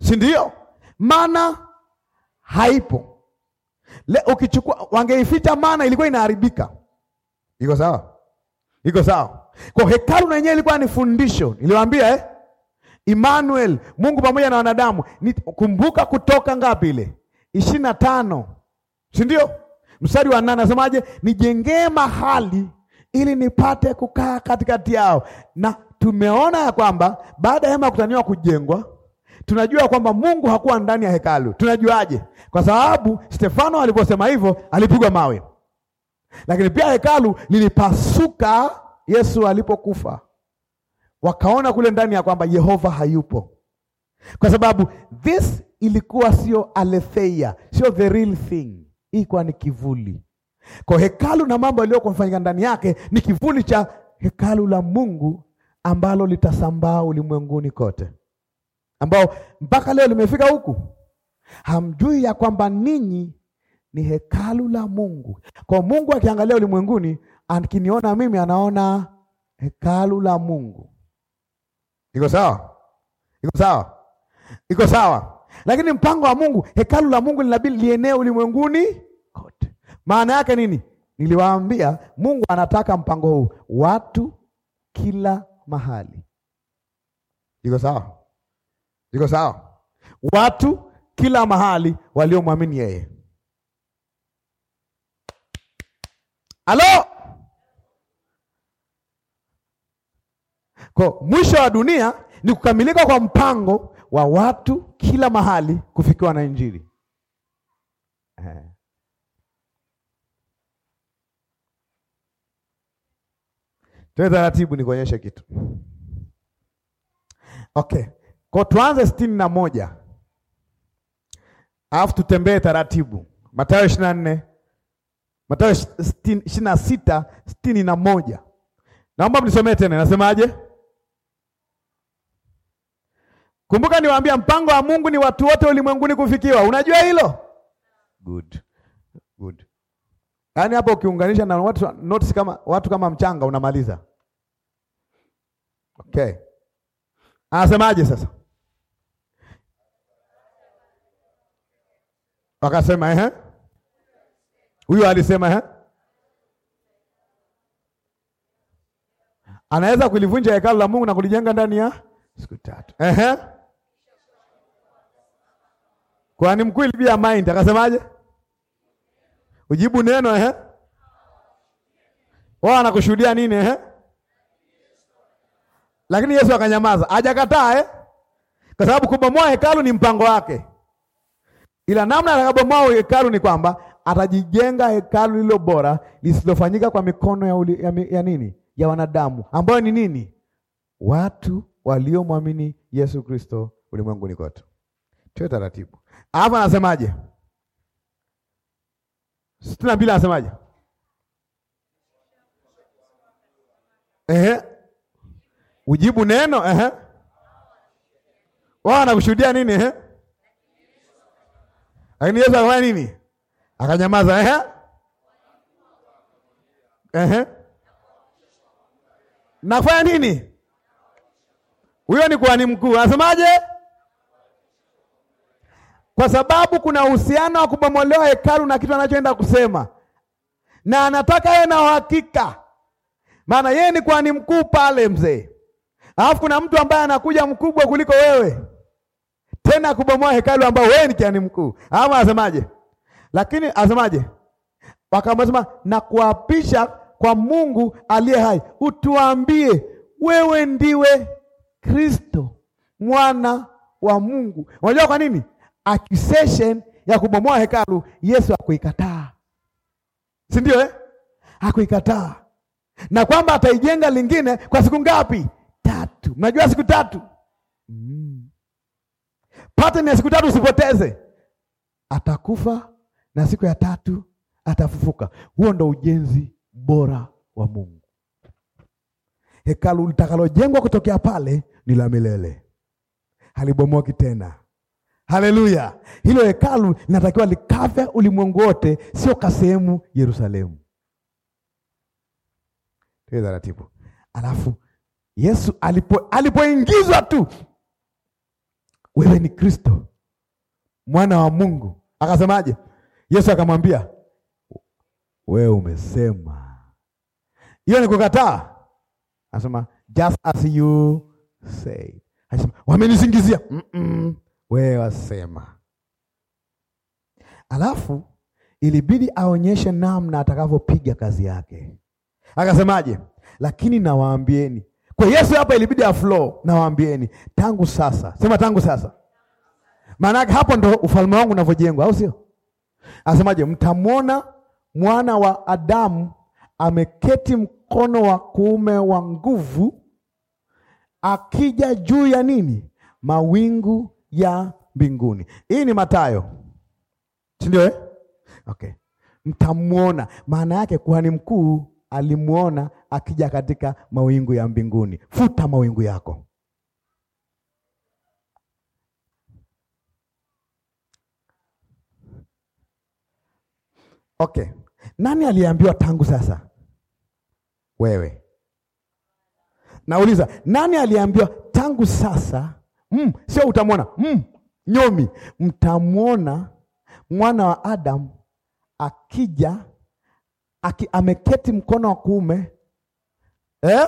si ndio? Mana haipo. Le, ukichukua wangeificha mana, ilikuwa inaharibika. Iko sawa? Iko sawa? Kwa hekalu na yenyewe ilikuwa ni fundisho, niliwaambia eh? Emmanuel, Mungu pamoja na wanadamu. Kumbuka Kutoka ngapi ile ishirini na tano, si ndio? Mstari wa nane nasemaje? Nijengee mahali ili nipate kukaa katikati yao. Na tumeona ya kwamba baada ya hema kutaniwa kujengwa tunajua kwamba Mungu hakuwa ndani ya hekalu. Tunajuaje? Kwa sababu Stefano aliposema hivyo alipigwa mawe, lakini pia hekalu lilipasuka Yesu alipokufa. Wakaona kule ndani ya kwamba Yehova hayupo, kwa sababu this ilikuwa sio aletheia, sio the real thing, ilikuwa ni kivuli. Kwa hekalu na mambo kufanyika ndani yake ni kivuli cha hekalu la Mungu ambalo litasambaa ulimwenguni kote, ambao mpaka leo limefika huku. Hamjui ya kwamba ninyi ni hekalu la Mungu. Kwa Mungu akiangalia ulimwenguni, akiniona mimi, anaona hekalu la Mungu. Iko sawa? Iko sawa? Iko sawa? Lakini mpango wa Mungu, hekalu la Mungu linabidi lienee ulimwenguni kote. Maana yake nini? Niliwaambia Mungu anataka mpango huu, watu kila mahali. Iko sawa? Iko sawa? Watu kila mahali waliomwamini yeye. Halo? Kwa mwisho wa dunia ni kukamilika kwa mpango wa watu kila mahali kufikiwa na Injili. Eh. Twende taratibu nikuonyeshe kitu. Okay. Kwa tuanze sitini na moja alafu tutembee taratibu. Mathayo ishirini na nne Mathayo ishirini na sita sitini na moja Naomba mnisomee tena, nasemaje? Kumbuka niwaambia, mpango wa Mungu ni watu wote ulimwenguni kufikiwa. Unajua hilo? Good. Good. Yaani hapo ukiunganisha na watu kama watu kama mchanga unamaliza. Okay. Anasemaje sasa? Wakasema ehe. Huyo alisema ehe. Anaweza kulivunja hekalu la Mungu na kulijenga ndani ya siku tatu. Ehe. Kwani mkuu ilibia mind akasemaje? Ujibu neno ehe. Wao anakushuhudia nini ehe? lakini Yesu akanyamaza, hajakataa eh? Kwa sababu kubomoa hekalu ni mpango wake, ila namna atakabomoa hekalu ni kwamba atajijenga hekalu lililo bora lisilofanyika kwa mikono ya, uli, ya, ya nini ya wanadamu, ambayo ni nini? Watu waliomwamini Yesu Kristo ulimwenguni kote. Tuwe taratibu. hapa, anasemaje? sitini na mbili anasemaje? Ehe ujibu neno eh? Wao wanakushuhudia nini eh? Lakini Yesu akafanya nini? Akanyamaza eh? Eh? Na nini? Huyo ni kuhani mkuu. Anasemaje? Kwa sababu kuna uhusiano wa kubomolewa hekalu na kitu anachoenda kusema, na anataka yeye na uhakika, maana yeye ni kuhani mkuu pale mzee Alafu kuna mtu ambaye anakuja mkubwa kuliko wewe, tena kubomoa hekalu ambao wewe ni kiani mkuu. Ama asemaje? Lakini asemaje? Wakamwambia na kuapisha kwa Mungu aliye hai, utuambie wewe ndiwe Kristo mwana wa Mungu. Unajua kwa nini? Accusation ya kubomoa hekalu Yesu hakuikataa, si ndio eh? Hakuikataa, na kwamba ataijenga lingine kwa siku ngapi? tatu. Mnajua siku tatu? Mm. Pattern ya siku tatu usipoteze. Atakufa na siku ya tatu atafufuka. Huo ndo ujenzi bora wa Mungu. Hekalu litakalojengwa kutokea pale ni la milele, halibomoki tena. Haleluya! Hilo hekalu linatakiwa likave ulimwengu wote, sio kasehemu Yerusalemu. Taratibu alafu Yesu alipo alipoingizwa tu, wewe ni Kristo mwana wa Mungu, akasemaje? Yesu akamwambia wewe umesema. Hiyo ni kukataa? Anasema just as you say. Anasema wamenisingizia. mm -mm, wewe wasema. Alafu ilibidi aonyeshe namna atakavyopiga kazi yake. Akasemaje? Lakini nawaambieni kwa Yesu hapa ilibidi aflow, nawaambieni tangu sasa. Sema tangu sasa. Maana hapo ndo ufalme wangu unavyojengwa, au sio? Anasemaje? Mtamwona mwana wa Adamu ameketi mkono wa kuume wa nguvu, akija juu ya nini? Mawingu ya mbinguni. Hii ni Mathayo, si ndio eh? Okay. Mtamwona, maana yake kuhani mkuu alimwona akija katika mawingu ya mbinguni. Futa mawingu yako. Okay. Nani aliambiwa tangu sasa? Wewe. Nauliza, nani aliambiwa tangu sasa? Mm, sio utamwona. Mm, nyomi mtamwona mwana wa Adamu akija aki, ameketi mkono wa kuume eh?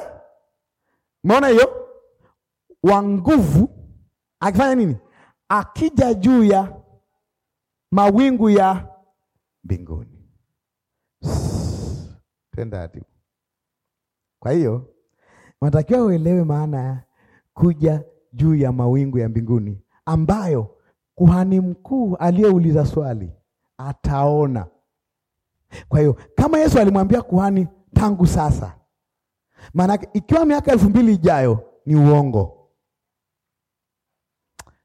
Umeona hiyo, wa nguvu akifanya nini? Akija juu ya mawingu ya mbinguni. Tenda ati. Kwa hiyo unatakiwa uelewe maana ya kuja juu ya mawingu ya mbinguni, ambayo kuhani mkuu aliyeuliza swali ataona. Kwa hiyo kama Yesu alimwambia kuhani, tangu sasa maana ikiwa miaka elfu mbili ijayo ni uongo,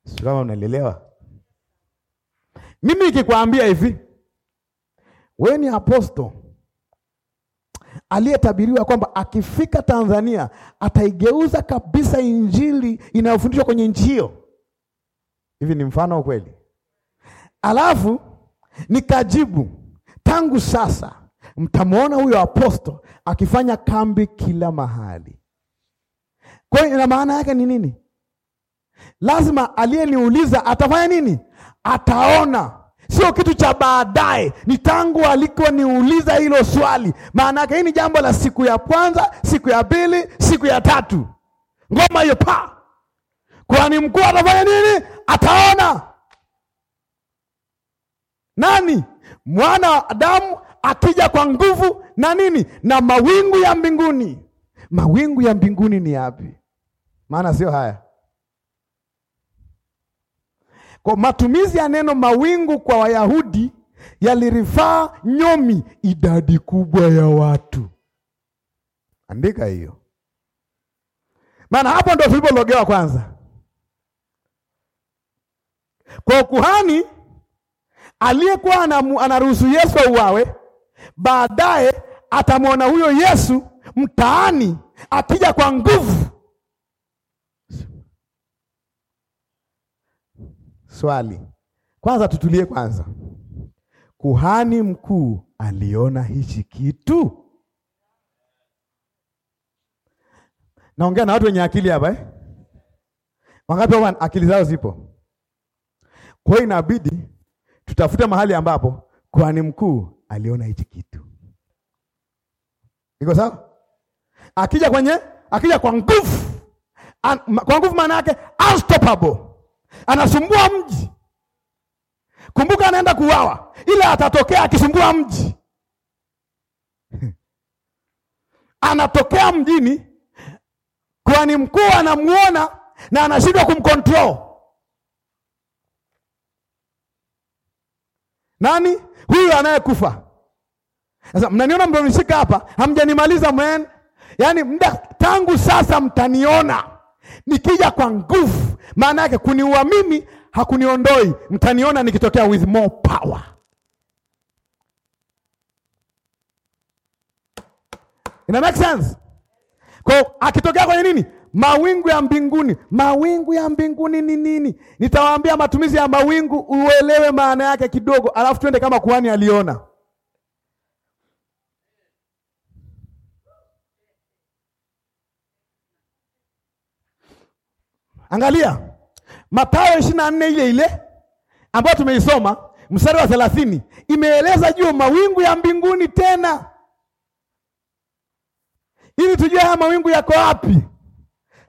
sio kama Mimi nikikwambia hivi, wewe ni apostol aliyetabiriwa kwamba akifika Tanzania ataigeuza kabisa injili inayofundishwa kwenye nchi hiyo, hivi ni mfano kweli? Alafu nikajibu tangu sasa mtamwona huyo aposto akifanya kambi kila mahali. Kwa hiyo ina maana yake ni nini? Lazima aliyeniuliza atafanya nini? Ataona. Sio kitu cha baadaye, ni tangu alikoniuliza hilo swali. Maana yake hii ni jambo la siku ya kwanza, siku ya pili, siku ya tatu. Ngoma hiyo pa kwani mkuu atafanya nini? Ataona. Nani? Mwana wa Adamu akija kwa nguvu na nini na mawingu ya mbinguni. Mawingu ya mbinguni ni yapi? Maana sio haya. Kwa matumizi ya neno mawingu kwa Wayahudi yalirifaa nyomi, idadi kubwa ya watu. Andika hiyo, maana hapo ndo tulipologewa kwanza. Kwa kuhani aliyekuwa anaruhusu Yesu auawe baadaye atamwona huyo Yesu mtaani akija kwa nguvu. Swali kwanza, tutulie kwanza. Kuhani mkuu aliona hichi kitu? Naongea na watu wenye akili hapa eh? Wangapi wana akili zao zipo? Kwa hiyo inabidi tutafute mahali ambapo kuhani mkuu aliona hichi kitu. Iko sawa? Akija kwenye akija kwa nguvu, kwa nguvu maana yake unstoppable, anasumbua mji. Kumbuka anaenda kuuawa, ila atatokea akisumbua mji anatokea mjini, kwani mkuu anamuona na anashindwa kumcontrol. Nani huyu anayekufa? Sasa mnaniona mlonishika hapa, hamjanimaliza man. Yaani mda tangu sasa mtaniona nikija kwa nguvu. Maana yake kuniua mimi hakuniondoi, mtaniona nikitokea with more power. Ina make sense? Kwa akitokea kwenye nini? Mawingu ya mbinguni. Mawingu ya mbinguni ni nini? Nitawaambia matumizi ya mawingu, uelewe maana yake kidogo, alafu twende kama kuhani aliona Angalia Mathayo ishirini na nne ile ile ambayo tumeisoma mstari wa thelathini imeeleza juu mawingu ya mbinguni tena, ili tujue haya mawingu yako wapi.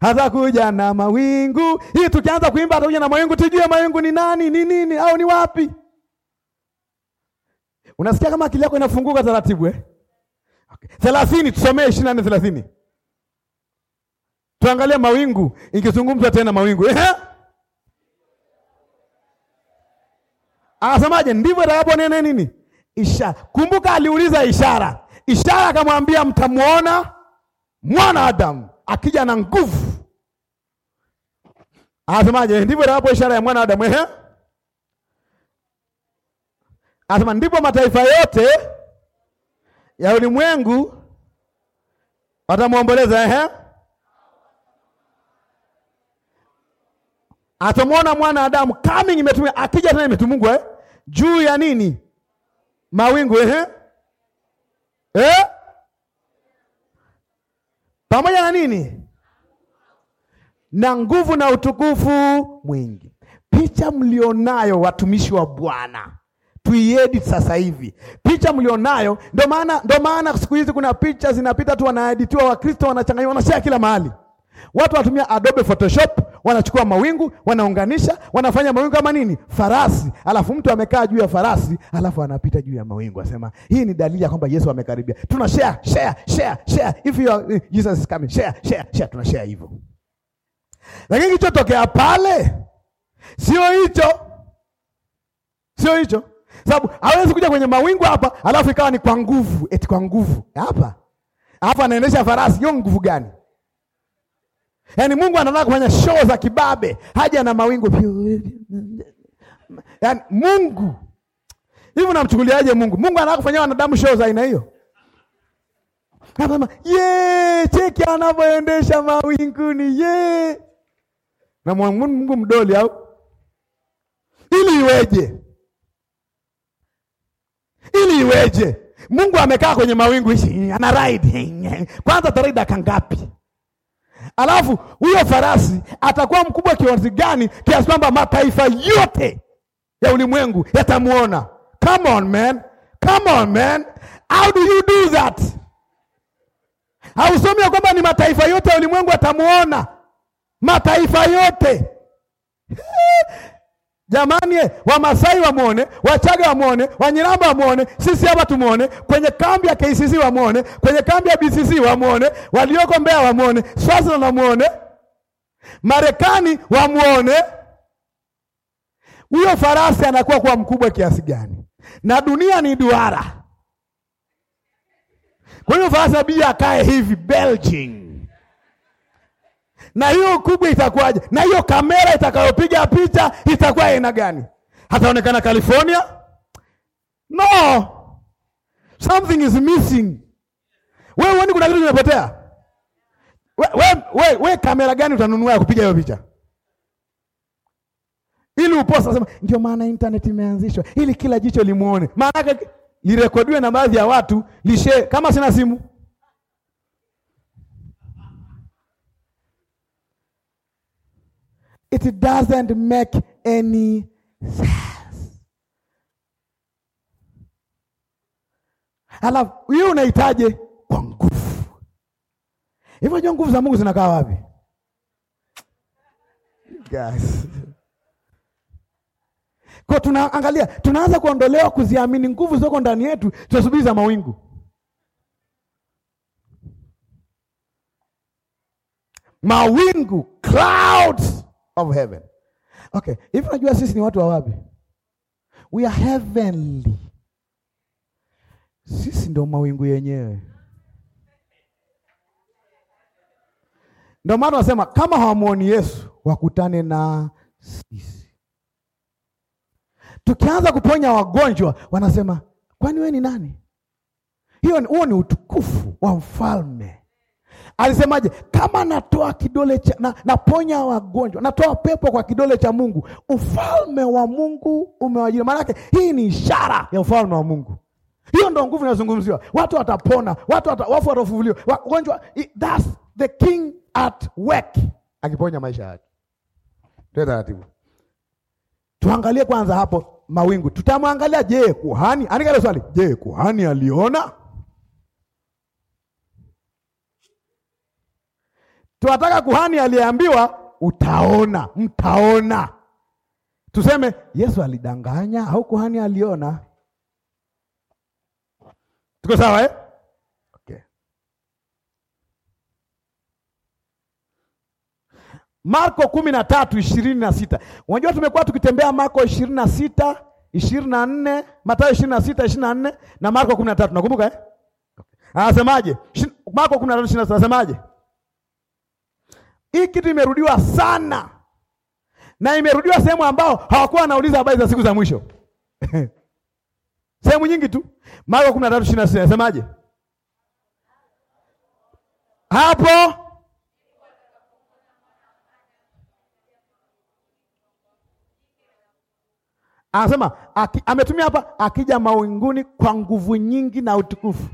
Hatakuja na mawingu hii, tukianza kuimba atakuja na mawingu, tujue mawingu ni nani, ni nini au ni wapi? Unasikia kama akili yako inafunguka taratibu eh? Okay. thelathini, tusomee ishirini na nne thelathini Tuangalie mawingu, ikizungumzwa tena mawingu Anasemaje? Ndivyo itakaponena nini? Ishara. Kumbuka aliuliza ishara, ishara akamwambia mtamwona mwana Adamu akija na nguvu. Anasemaje? Ndivyo itakapo ishara ya mwana Adamu. Ehe, anasema ndipo mataifa yote ya ulimwengu watamwomboleza. Ehe atamwona Adamu coming, imetumia akija tena, imetumungwa eh? juu ya nini? Mawingu eh? Eh? pamoja na nini? na nguvu na utukufu mwingi. Picha mlionayo watumishi wa Bwana tuiedit sasa hivi, picha mlionayo. Ndio maana ndio maana siku hizi kuna picha zinapita tu, wanaeditiwa, Wakristo wanachanganywa, wanashia kila mahali, watu wanatumia Adobe Photoshop wanachukua mawingu, wanaunganisha, wanafanya mawingu kama nini? Farasi. Alafu mtu amekaa juu ya farasi, alafu anapita juu ya mawingu. Asema hii ni dalili ya kwamba Yesu amekaribia. Tuna share share share share, if you are, eh, Jesus is coming, share share share, tuna share hivyo. Lakini kilichotokea pale sio hicho, sio hicho, sababu hawezi kuja kwenye mawingu hapa, alafu ikawa ni kwa nguvu, eti kwa nguvu hapa, hapa anaendesha farasi. Hiyo nguvu gani? Yaani Mungu anataka kufanya show za kibabe, haja na mawingu. Yaani Mungu hivi namchukuliaje Mungu? Mungu anataka kufanya wanadamu show za aina hiyo. Nasema ye cheki anavyoendesha mawinguni ye na Mungu mdoli au ili iweje? Ili iweje? Mungu amekaa kwenye mawingu hishi, ana ride kwanza, taraida kangapi? Alafu huyo farasi atakuwa mkubwa kiwanzi gani kiasi kwamba mataifa yote ya ulimwengu yatamwona? Come on man, come on man, how do you do that? Hausomi ya kwamba ni mataifa yote ya ulimwengu yatamwona, mataifa yote Jamani, eh, Wamasai wamwone, Wachaga wamwone, Wanyiramba wamwone, sisi hapa tumwone, kwenye kambi ya KCC wamwone, kwenye kambi ya BCC wamwone, walioko Mbeya wamwone, Swaziland wamwone, Marekani wamwone. Huyo farasi anakuwa kuwa mkubwa kiasi gani? Na dunia ni duara. Kwa hiyo farasi abia akae hivi Belgium na hiyo kubwa itakuwaje? Na hiyo kamera itakayopiga picha itakuwa aina gani? Hataonekana California? No, something is missing. Wewe uone kuna kitu kimepotea. Wewe we, we, kamera gani utanunua ya kupiga hiyo picha ili uposa? Sema ndio maana internet imeanzishwa ili kila jicho limuone, maana yake lirekodiwe na baadhi ya watu lishe, kama sina simu It doesn't make any sense. Alafu hiyo unahitaje kwa nguvu. Hivyo je, nguvu za Mungu zinakaa wapi? Guys. Kwa tunaangalia, tunaanza kuondolewa kuziamini nguvu zoko ndani yetu, tunasubiri za mawingu. Mawingu, clouds of heaven. Okay, hivi unajua sisi ni watu wa wapi? We are heavenly. Sisi ndio mawingu yenyewe. Ndio maana wasema kama hawamuoni Yesu wakutane na sisi. Tukianza kuponya wagonjwa wanasema kwani wewe ni nani? Hiyo huo ni utukufu wa mfalme. Alisemaje? Kama natoa kidole cha na, naponya wagonjwa, natoa pepo kwa kidole cha Mungu, ufalme wa Mungu umewajia. Maanake hii ni ishara ya ufalme wa Mungu. Hiyo ndo nguvu inazungumziwa. Watu watapona, watu wata, wafu watafufuliwa, wagonjwa. That's the king at work, akiponya maisha yake. Tuwe taratibu, tuangalie kwanza hapo mawingu. Tutamwangalia. Je, kuhani, andika swali. Je, kuhani aliona? Tunataka kuhani aliyeambiwa utaona, mtaona. Tuseme Yesu alidanganya au kuhani aliona? Tuko sawa eh? Marko kumi na tatu ishirini na sita. Unajua tumekuwa tukitembea Marko ishirini na sita ishirini na nne Mathayo ishirini na sita ishirini na nne na Marko kumi na tatu nakumbuka eh? Anasemaje? Marko kumi na tatu ishirini na sita anasemaje? Hii kitu imerudiwa sana na imerudiwa sehemu ambao hawakuwa wanauliza habari za siku za mwisho sehemu nyingi tu. Marko kumi na tatu ishirini na sita nasemaje? Hapo anasema ametumia hapa, akija mawinguni kwa nguvu nyingi na utukufu.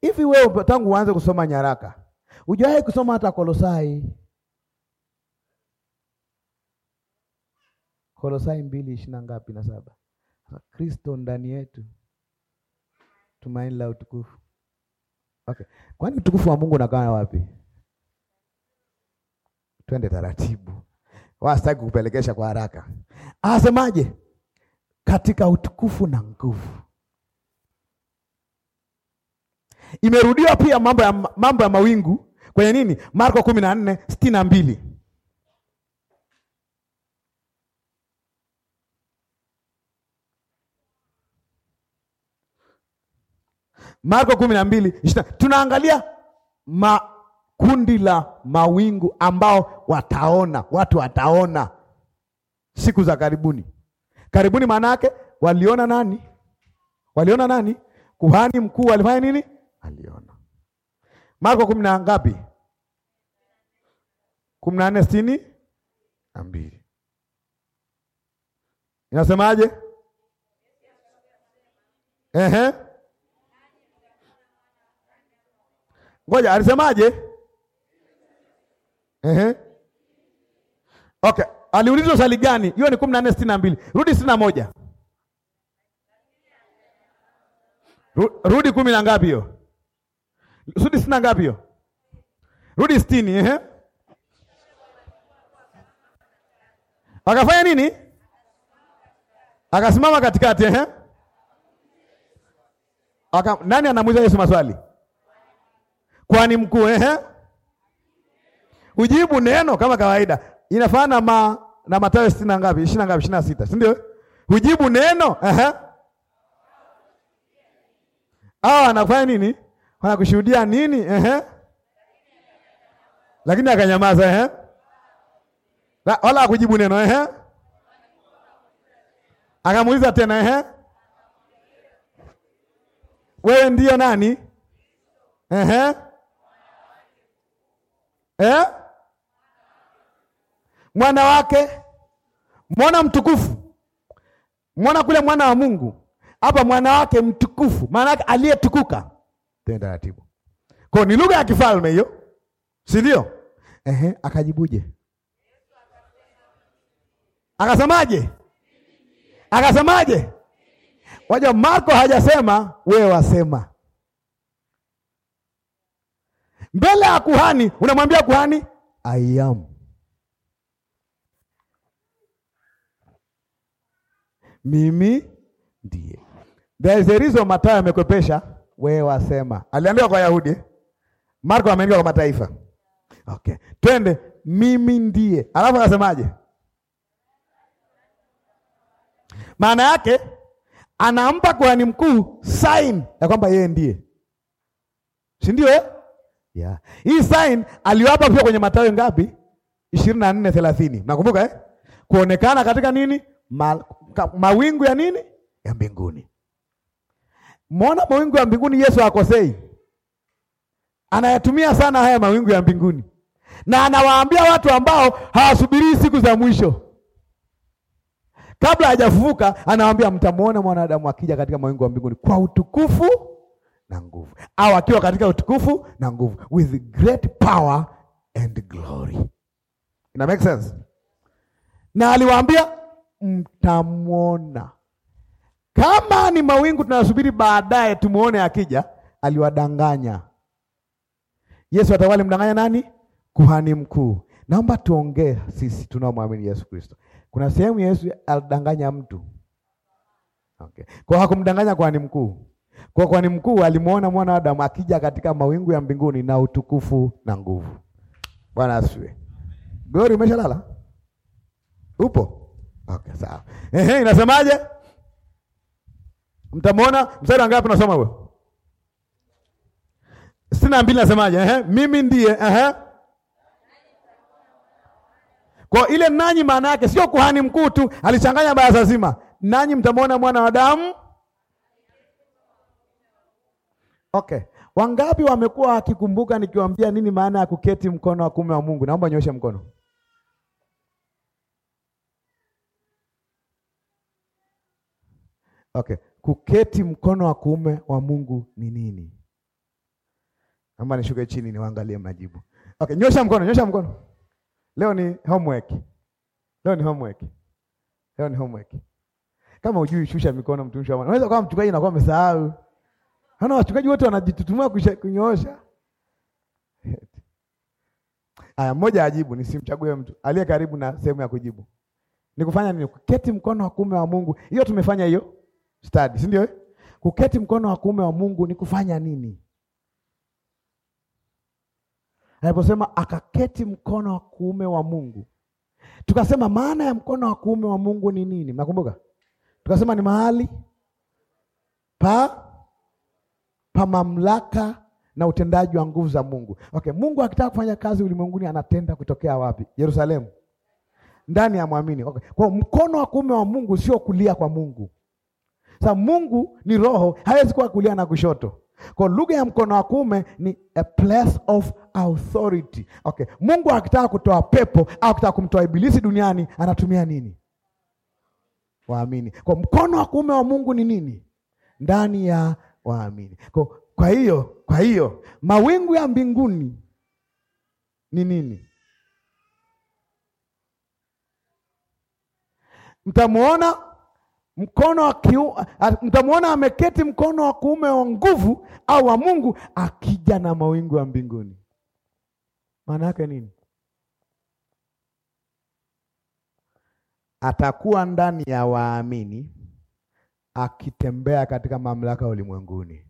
Hivi wewe tangu uanze kusoma nyaraka Hujawahi kusoma hata Kolosai, Kolosai mbili ishirini na ngapi na saba? Kristo ndani yetu tumaini la utukufu. Okay, kwani utukufu wa Mungu unakaa wapi? Twende taratibu, wastaki kukupelekesha kwa haraka. Asemaje? Katika utukufu na nguvu. Imerudiwa pia mambo ya, mambo ya mawingu kwenye nini? Marko kumi na nne sitini na mbili. Marko kumi na mbili tunaangalia makundi la mawingu ambao wataona, watu wataona siku za karibuni. Karibuni maana yake waliona nani? Waliona nani? Kuhani mkuu alifanya nini? Aliona. Marko kumi na ngapi? kumi na nne sitini na mbili inasemaje? Ehe, ngoja alisemaje? Ehe, okay, aliulizwa swali gani? Hiyo ni kumi na nne sitini na mbili Rudi sitini na moja Rudi kumi na ngapi hiyo? Rudi sitini ngapi hiyo? Rudi sitini eh? Akafanya nini? Akasimama katikati eh? Aka, nani anamuuliza Yesu maswali? Kwani mkuu eh? Ujibu neno kama kawaida. Inafanana ma na Mathayo 60 ngapi? 20 ngapi? 26, si ndio? Ujibu neno eh? Ah, anafanya nini? wanakushuhudia nini? Ehe, lakini akanyamaza. Ehe, la, wala akujibu neno. Ehe, akamuuliza tena. Ehe, wewe ndio nani? Ehe, eh, mwana wake, mwana mtukufu, mwana kule, mwana wa Mungu hapa, mwana wake mtukufu, maana yake aliyetukuka Tenda taratibu. Kwa ni lugha ya kifalme hiyo, si ndio? Ehe, akajibuje? Akasemaje? Akasemaje? Waja Marko hajasema, wewe wasema. Mbele ya kuhani unamwambia kuhani I am. Mimi ndiye. There is a reason Mathayo amekwepesha wewe wasema. aliandika kwa Wayahudi, Marko ameandika kwa mataifa. Okay, twende, mimi ndiye. Alafu anasemaje? Maana yake anampa kuhani mkuu sign ya kwamba yeye ndiye, si ndio? Eh? Yeah. Hii sign aliwapa pia kwenye Mathayo ngapi? ishirini na nne thelathini. Nakumbuka eh? Kuonekana katika nini? Ma, ka, mawingu ya nini? Ya mbinguni. Mwana mawingu ya mbinguni, Yesu akosei, anayatumia sana haya mawingu ya mbinguni, na anawaambia watu ambao hawasubirii siku za mwisho. Kabla hajafufuka, anawaambia mtamwona mwanadamu akija katika mawingu ya mbinguni kwa utukufu na nguvu, au akiwa katika utukufu na nguvu, with great power and glory. Ina make sense? Na aliwaambia mtamwona kama ni mawingu tunayasubiri baadaye tumuone akija, aliwadanganya. Yesu atawali mdanganya nani? Kuhani mkuu. Naomba tuongee sisi tunaomwamini Yesu Kristo. Kuna sehemu Yesu alidanganya mtu. Okay. Kwa hakumdanganya kuhani mkuu. Kwa kuhani mkuu alimuona mwana wa Adamu akija katika mawingu ya mbinguni na utukufu na nguvu. Bwana asifiwe. Glory umeshalala? Upo? Okay, sawa. Ehe, inasemaje? Mtamwona mstari wangapi unasoma wewe? Sitini na mbili nasemaje? Ehe, mimi ndiye ehe. Kwa ile nanyi maana yake sio kuhani mkuu tu, alichanganya baraza zima. Nanyi mtamwona mwana wa Adamu. Okay. Wangapi wamekuwa wakikumbuka nikiwaambia nini maana ya kuketi mkono wa kume wa Mungu? Naomba nyoshe mkono. Okay kuketi mkono wa kuume wa Mungu ni nini? Naomba nishuke chini niwaangalie majibu. Okay, nyosha mkono, nyosha mkono. Leo ni homework. Leo ni homework. Leo ni homework. Kama hujui shusha mikono mtumishi wa Bwana. Unaweza kama mchungaji na kwa umesahau. Hana wachungaji wote wanajitutumua kunyoosha. Aya, mmoja ajibu, nisimchague mtu. Aliye karibu na sehemu ya kujibu. Nikufanya nini? Kuketi mkono wa kuume wa Mungu. Hiyo tumefanya hiyo stadi, si ndio? Eh? Kuketi mkono wa kuume wa Mungu ni kufanya nini? Aliposema akaketi mkono wa kuume wa Mungu, tukasema maana ya mkono wa kuume wa Mungu ni nini? Mnakumbuka tukasema ni mahali pa pa mamlaka na utendaji wa nguvu za Mungu. Okay, Mungu akitaka kufanya kazi ulimwenguni anatenda kutokea wapi? Yerusalemu, ndani ya mwamini. Okay, kwa mkono wa kuume wa Mungu sio kulia kwa Mungu. Sa Mungu ni roho, hawezi kuwa kulia na kushoto. Kwa lugha ya mkono wa kuume ni a place of authority. Okay, Mungu akitaka kutoa pepo au akitaka kumtoa ibilisi duniani anatumia nini? Waamini. Kwa mkono wa kuume wa Mungu ni nini? Ndani ya waamini. Kwa kwa hiyo, kwa hiyo mawingu ya mbinguni ni nini? Mtamuona mkono wa kiu, mtamwona ameketi mkono wa kuume wa nguvu au wa Mungu akija na mawingu ya mbinguni. Maana yake nini? Atakuwa ndani ya waamini akitembea katika mamlaka ya ulimwenguni.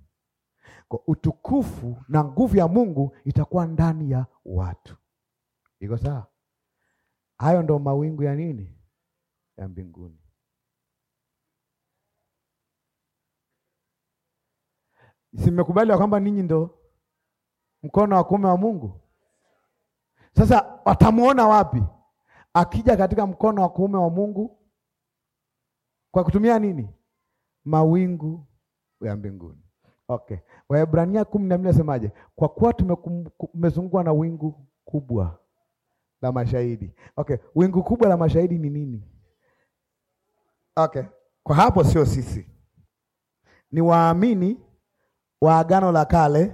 Kwa utukufu na nguvu ya Mungu itakuwa ndani ya watu. Iko sawa? Hayo ndo mawingu ya nini? Ya mbinguni. Si mmekubali kwamba ninyi ndo mkono wa kuume wa Mungu? Sasa watamuona wapi? Akija katika mkono wa kuume wa Mungu kwa kutumia nini? Mawingu ya mbinguni. Okay. Waebrania kumi na mbili nasemaje? Kwa kuwa tumezungukwa na wingu kubwa la mashahidi. Okay, wingu kubwa la mashahidi ni nini? Okay, kwa hapo sio sisi, ni waamini wa Agano la Kale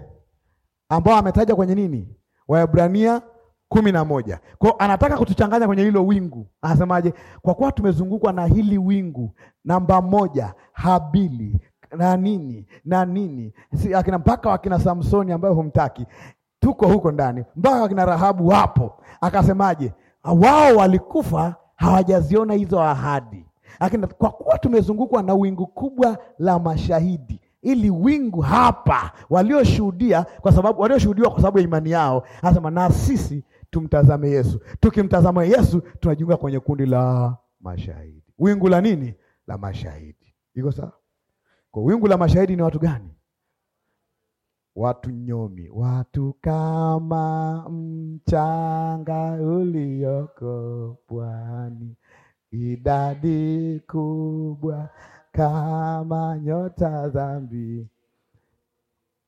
ambao ametaja kwenye nini, Waebrania kumi na moja. Kwa anataka kutuchanganya kwenye hilo wingu, anasemaje? Kwa kuwa tumezungukwa na hili wingu, namba moja, Habili na nini na nini, si akina mpaka wakina Samsoni ambayo humtaki, tuko huko ndani, mpaka wakina Rahabu wapo. Akasemaje? wao walikufa hawajaziona hizo ahadi, lakini kwa kuwa tumezungukwa na wingu kubwa la mashahidi ili wingu hapa walioshuhudia kwa sababu walioshuhudiwa kwa sababu ya imani yao, anasema na sisi tumtazame Yesu. Tukimtazama Yesu tunajiunga kwenye kundi la mashahidi. Wingu la nini? La mashahidi. Iko sawa? Kwa wingu la mashahidi ni watu gani? Watu nyomi, watu kama mchanga ulioko pwani, idadi kubwa kama nyota dhambi.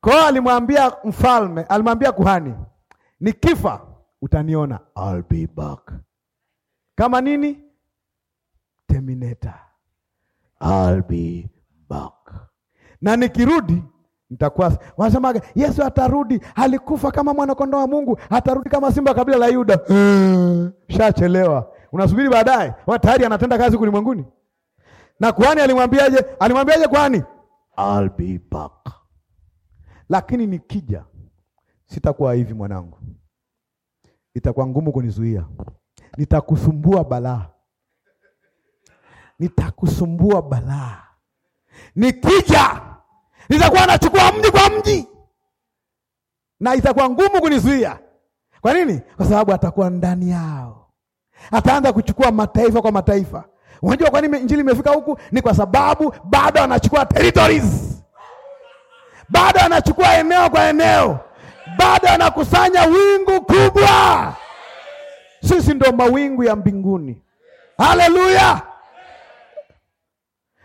Kwa alimwambia mfalme, alimwambia kuhani, nikifa utaniona, I'll be back. Kama nini? Terminator, I'll be back. Na nikirudi nitakuwa wanasemaga, Yesu atarudi, alikufa kama mwanakondoo wa Mungu, atarudi kama simba kabila la Yuda. Shachelewa, unasubiri baadaye, tayari anatenda kazi kulimwenguni. Na kwani alimwambiaje? Alimwambiaje kwani I'll be back. Lakini nikija sitakuwa hivi mwanangu. Itakuwa ngumu kunizuia. Nitakusumbua balaa. Nitakusumbua balaa. Nikija nitakuwa nachukua mji kwa mji, na itakuwa ngumu kunizuia. Kwa nini? Kwa sababu atakuwa ndani yao, ataanza kuchukua mataifa kwa mataifa. Unajua kwa nini injili imefika huku? Ni kwa sababu bado anachukua territories, bado anachukua eneo kwa eneo, bado anakusanya wingu kubwa. Sisi ndo mawingu ya mbinguni. Haleluya!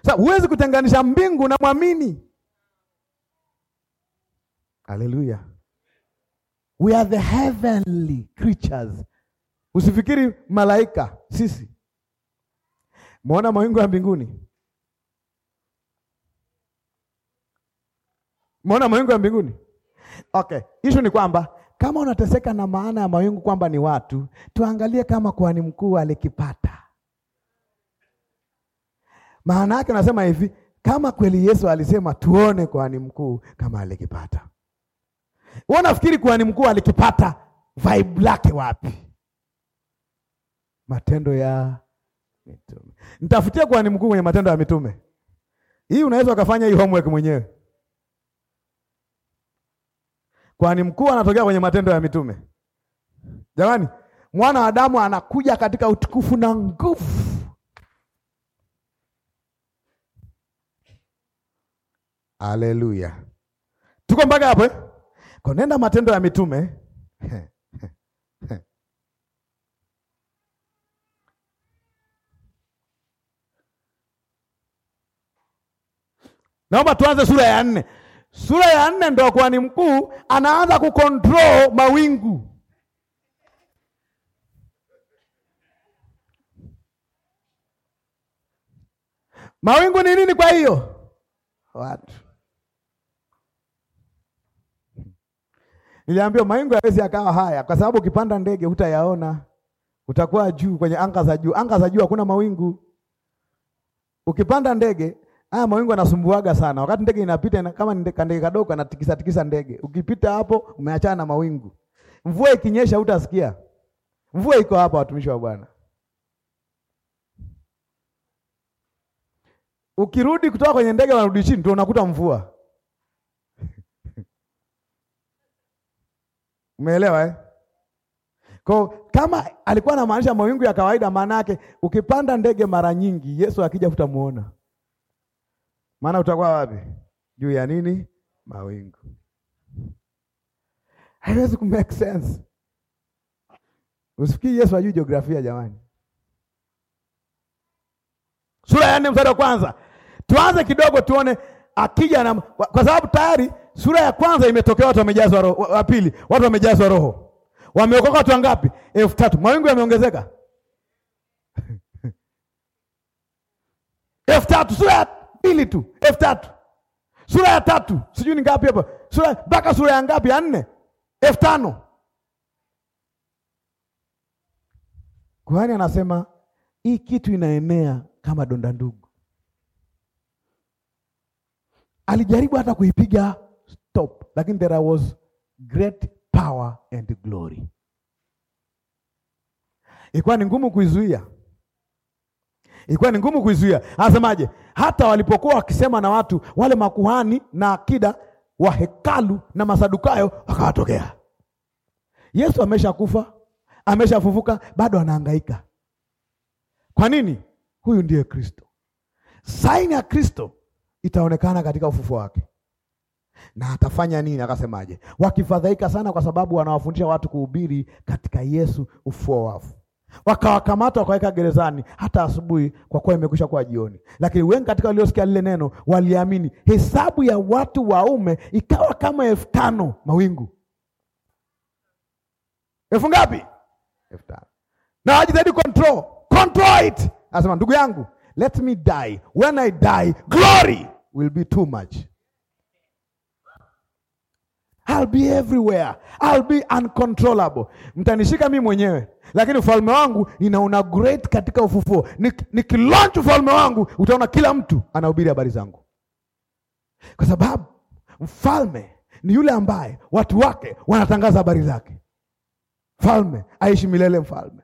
Sasa huwezi kutenganisha mbingu na mwamini. Haleluya! We are the heavenly creatures. Usifikiri malaika sisi Mwona mawingu ya mbinguni? Mwona mawingu ya mbinguni? Okay, issue ni kwamba kama unateseka na maana ya mawingu kwamba ni watu, tuangalie kama kuhani mkuu alikipata. Maana yake nasema hivi, kama kweli Yesu alisema tuone kuhani mkuu kama alikipata. Wewe unafikiri kuhani mkuu alikipata vibe lake wapi? Matendo ya mitume. Nitafutie kuhani mkuu kwenye matendo ya mitume. Hii unaweza ukafanya hii homework mwenyewe. kwani mkuu anatokea kwenye matendo ya mitume. Jamani, mwana wa Adamu anakuja katika utukufu na nguvu. Haleluya. Tuko mpaka hapo eh? Kwa nenda matendo ya mitume eh, eh, eh. Naomba tuanze sura ya nne. Sura ya nne ndo kuhani mkuu anaanza kukontrol mawingu. Mawingu ni nini? Kwa hiyo watu niliambiwa mawingu yawezi yakawa haya, kwa sababu ukipanda ndege hutayaona, utakuwa juu kwenye anga za juu. Anga za juu hakuna mawingu. Ukipanda ndege Haya ah, mawingu yanasumbuaga sana. Wakati ndege inapita ina, kama ndege ndege kadogo anatikisa tikisa ndege. Ukipita hapo umeachana na mawingu. Mvua ikinyesha utasikia. Mvua iko hapa watumishi wa Bwana. Ukirudi kutoka kwenye ndege unarudi chini ndio unakuta mvua. Umeelewa eh? Kwa kama alikuwa anamaanisha mawingu ya kawaida maana yake ukipanda ndege mara nyingi Yesu akija utamuona maana utakuwa wapi? Juu ya nini? Mawingu. Haiwezi ku make sense. Usifikiri Yesu ajui jiografia jamani. Sura ya nne mstari wa kwanza. Tuanze kidogo tuone akija na kwa sababu tayari sura ya kwanza imetokea watu wamejazwa roho, wa pili watu wamejazwa roho. Wameokoka watu wangapi? Elfu tatu. Mawingu yameongezeka. Elfu tatu sura mbili tu, elfu tatu sura ya tatu sijui ni ngapi hapa, sura mpaka sura ya ngapi ya nne, elfu tano Kuhani anasema hii kitu inaenea kama donda ndugu. Alijaribu hata kuipiga stop, lakini there was great power and glory, ilikuwa ni ngumu kuizuia ilikuwa ni ngumu kuizuia. Anasemaje? hata walipokuwa wakisema na watu wale, makuhani na akida wa hekalu na Masadukayo wakawatokea. Yesu ameshakufa, ameshafufuka, bado anahangaika. Kwa nini? Huyu ndiye Kristo. Saini ya Kristo itaonekana katika ufufuo wake. Na atafanya nini? Akasemaje? wakifadhaika sana kwa sababu wanawafundisha watu kuhubiri katika Yesu ufufuo wafu wakawakamata wakaweka gerezani hata asubuhi, kwa kuwa imekwisha kuwa jioni. Lakini wengi katika waliosikia lile neno waliamini. Hesabu ya watu waume ikawa kama elfu tano mawingu. Elfu ngapi? Elfu tano. Na wajitahidi control, control it. Anasema ndugu yangu, let me die when I die glory will be too much I'll be everywhere. I'll be uncontrollable. Mtanishika mi mwenyewe, lakini ufalme wangu ninauna great katika ufufuo. Nikilaunch ufalme wangu, utaona kila mtu anahubiri habari zangu, kwa sababu mfalme ni yule ambaye watu wake wanatangaza habari zake. Mfalme aishi milele, mfalme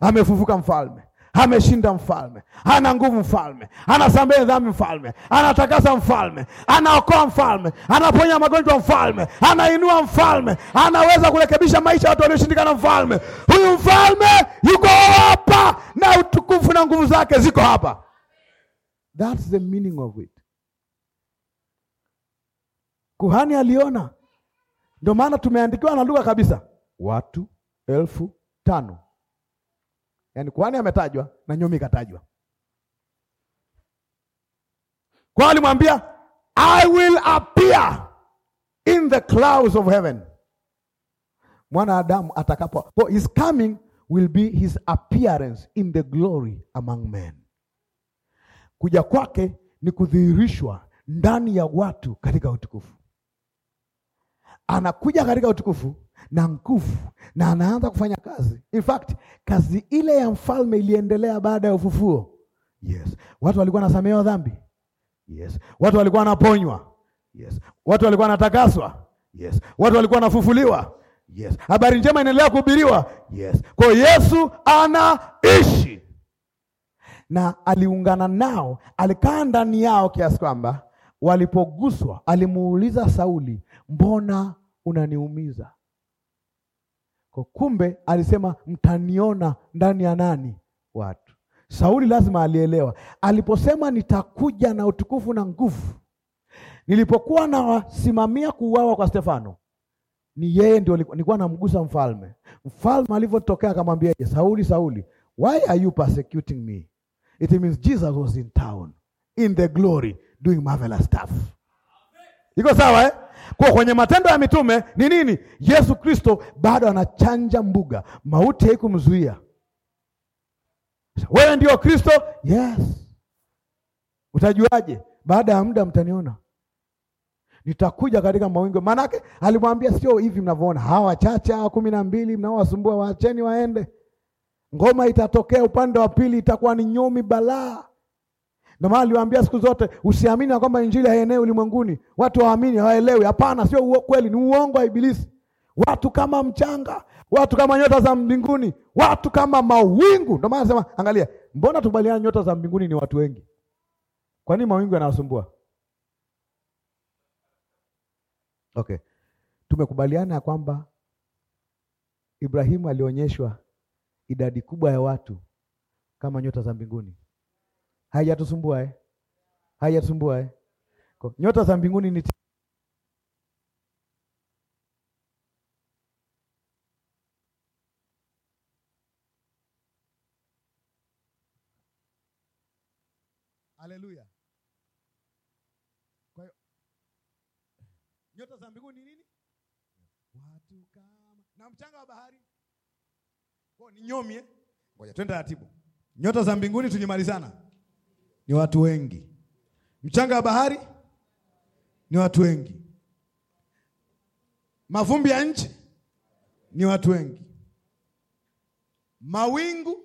amefufuka, mfalme Ameshinda mfalme, ana nguvu mfalme, anasamehe dhambi mfalme, anatakasa mfalme, anaokoa mfalme, anaponya magonjwa mfalme, anainua mfalme, anaweza kurekebisha maisha ya watu walioshindikana mfalme. Huyu mfalme yuko hapa na utukufu na nguvu zake ziko hapa. That's the meaning of it. Kuhani aliona, ndio maana tumeandikiwa na lugha kabisa, watu elfu tano Yaani kwani ametajwa na nyomi katajwa. Kwa alimwambia I will appear in the clouds of heaven. Mwanadamu atakapo, for his coming will be his appearance in the glory among men. Kuja kwake ni kudhihirishwa ndani ya watu katika utukufu anakuja katika utukufu na nguvu na anaanza kufanya kazi. In fact, kazi ile ya mfalme iliendelea baada ya ufufuo. Yes. Watu walikuwa wanasamehewa dhambi. Yes. Watu walikuwa wanaponywa. Yes. Watu walikuwa wanatakaswa. Yes. Watu walikuwa wanafufuliwa. Yes. Habari njema inaendelea kuhubiriwa. Yes. Kwa Yesu anaishi. Na aliungana nao, alikaa ndani yao kiasi kwamba walipoguswa, alimuuliza Sauli, "Mbona unaniumiza. Kwa kumbe alisema mtaniona ndani ya nani? Watu. Sauli lazima alielewa aliposema nitakuja na utukufu na nguvu. Nilipokuwa nawasimamia kuuawa kwa Stefano, ni yeye ndio nilikuwa namgusa mfalme. Mfalme alivyotokea akamwambia, Sauli, Sauli, why are you persecuting me? It means Jesus was in town in the glory doing marvelous stuff. Iko sawa eh? Kwa kwenye Matendo ya Mitume ni nini? Yesu Kristo bado anachanja mbuga, mauti haikumzuia. Wewe ndio Kristo? Yes. Utajuaje? Baada ya muda mtaniona, nitakuja katika mawingu. Maanake alimwambia sio hivi mnavyoona, hawa wachache hawa kumi na mbili mnaowasumbua, waacheni waende. Ngoma itatokea upande wa pili, itakuwa ni nyomi balaa ndio maana aliwaambia siku zote usiamini kwamba injili haenei ulimwenguni, watu waamini hawaelewi. Hapana, sio kweli, ni uongo wa Ibilisi. Watu kama mchanga, watu kama nyota za mbinguni, watu kama mawingu. Ndio maana nasema, angalia, mbona tubaliana, nyota za mbinguni ni watu wengi, kwa nini mawingu yanawasumbua? Okay, tumekubaliana ya kwamba Ibrahimu alionyeshwa idadi kubwa ya watu kama nyota za mbinguni haijatusumbua eh? haijatusumbua eh? nyota za mbinguni ni Haleluya. Kwa hiyo nyota za mbinguni nini? Watu kama na mchanga wa bahari. Kwa ni nyomie. Eh? Ngoja twende taratibu. Nyota za mbinguni tunimalizana ni watu wengi, mchanga wa bahari ni watu wengi, mavumbi ya nchi ni watu wengi, mawingu.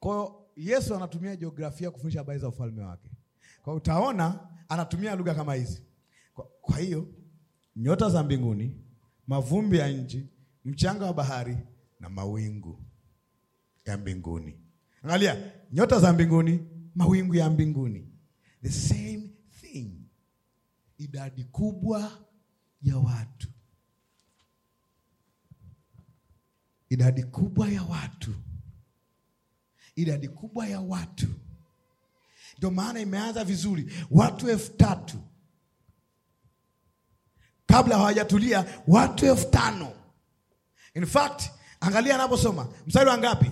Kwa Yesu anatumia jiografia kufundisha habari za ufalme wake, kwa utaona anatumia lugha kama hizi. Kwa hiyo nyota za mbinguni, mavumbi ya nchi, mchanga wa bahari na mawingu ya mbinguni Angalia nyota za mbinguni, mawingu ya mbinguni, the same thing, idadi kubwa ya watu, idadi kubwa ya watu, idadi kubwa ya watu. Ndio maana imeanza vizuri, watu elfu tatu kabla hawajatulia, watu elfu tano In fact, angalia anaposoma mstari wa ngapi?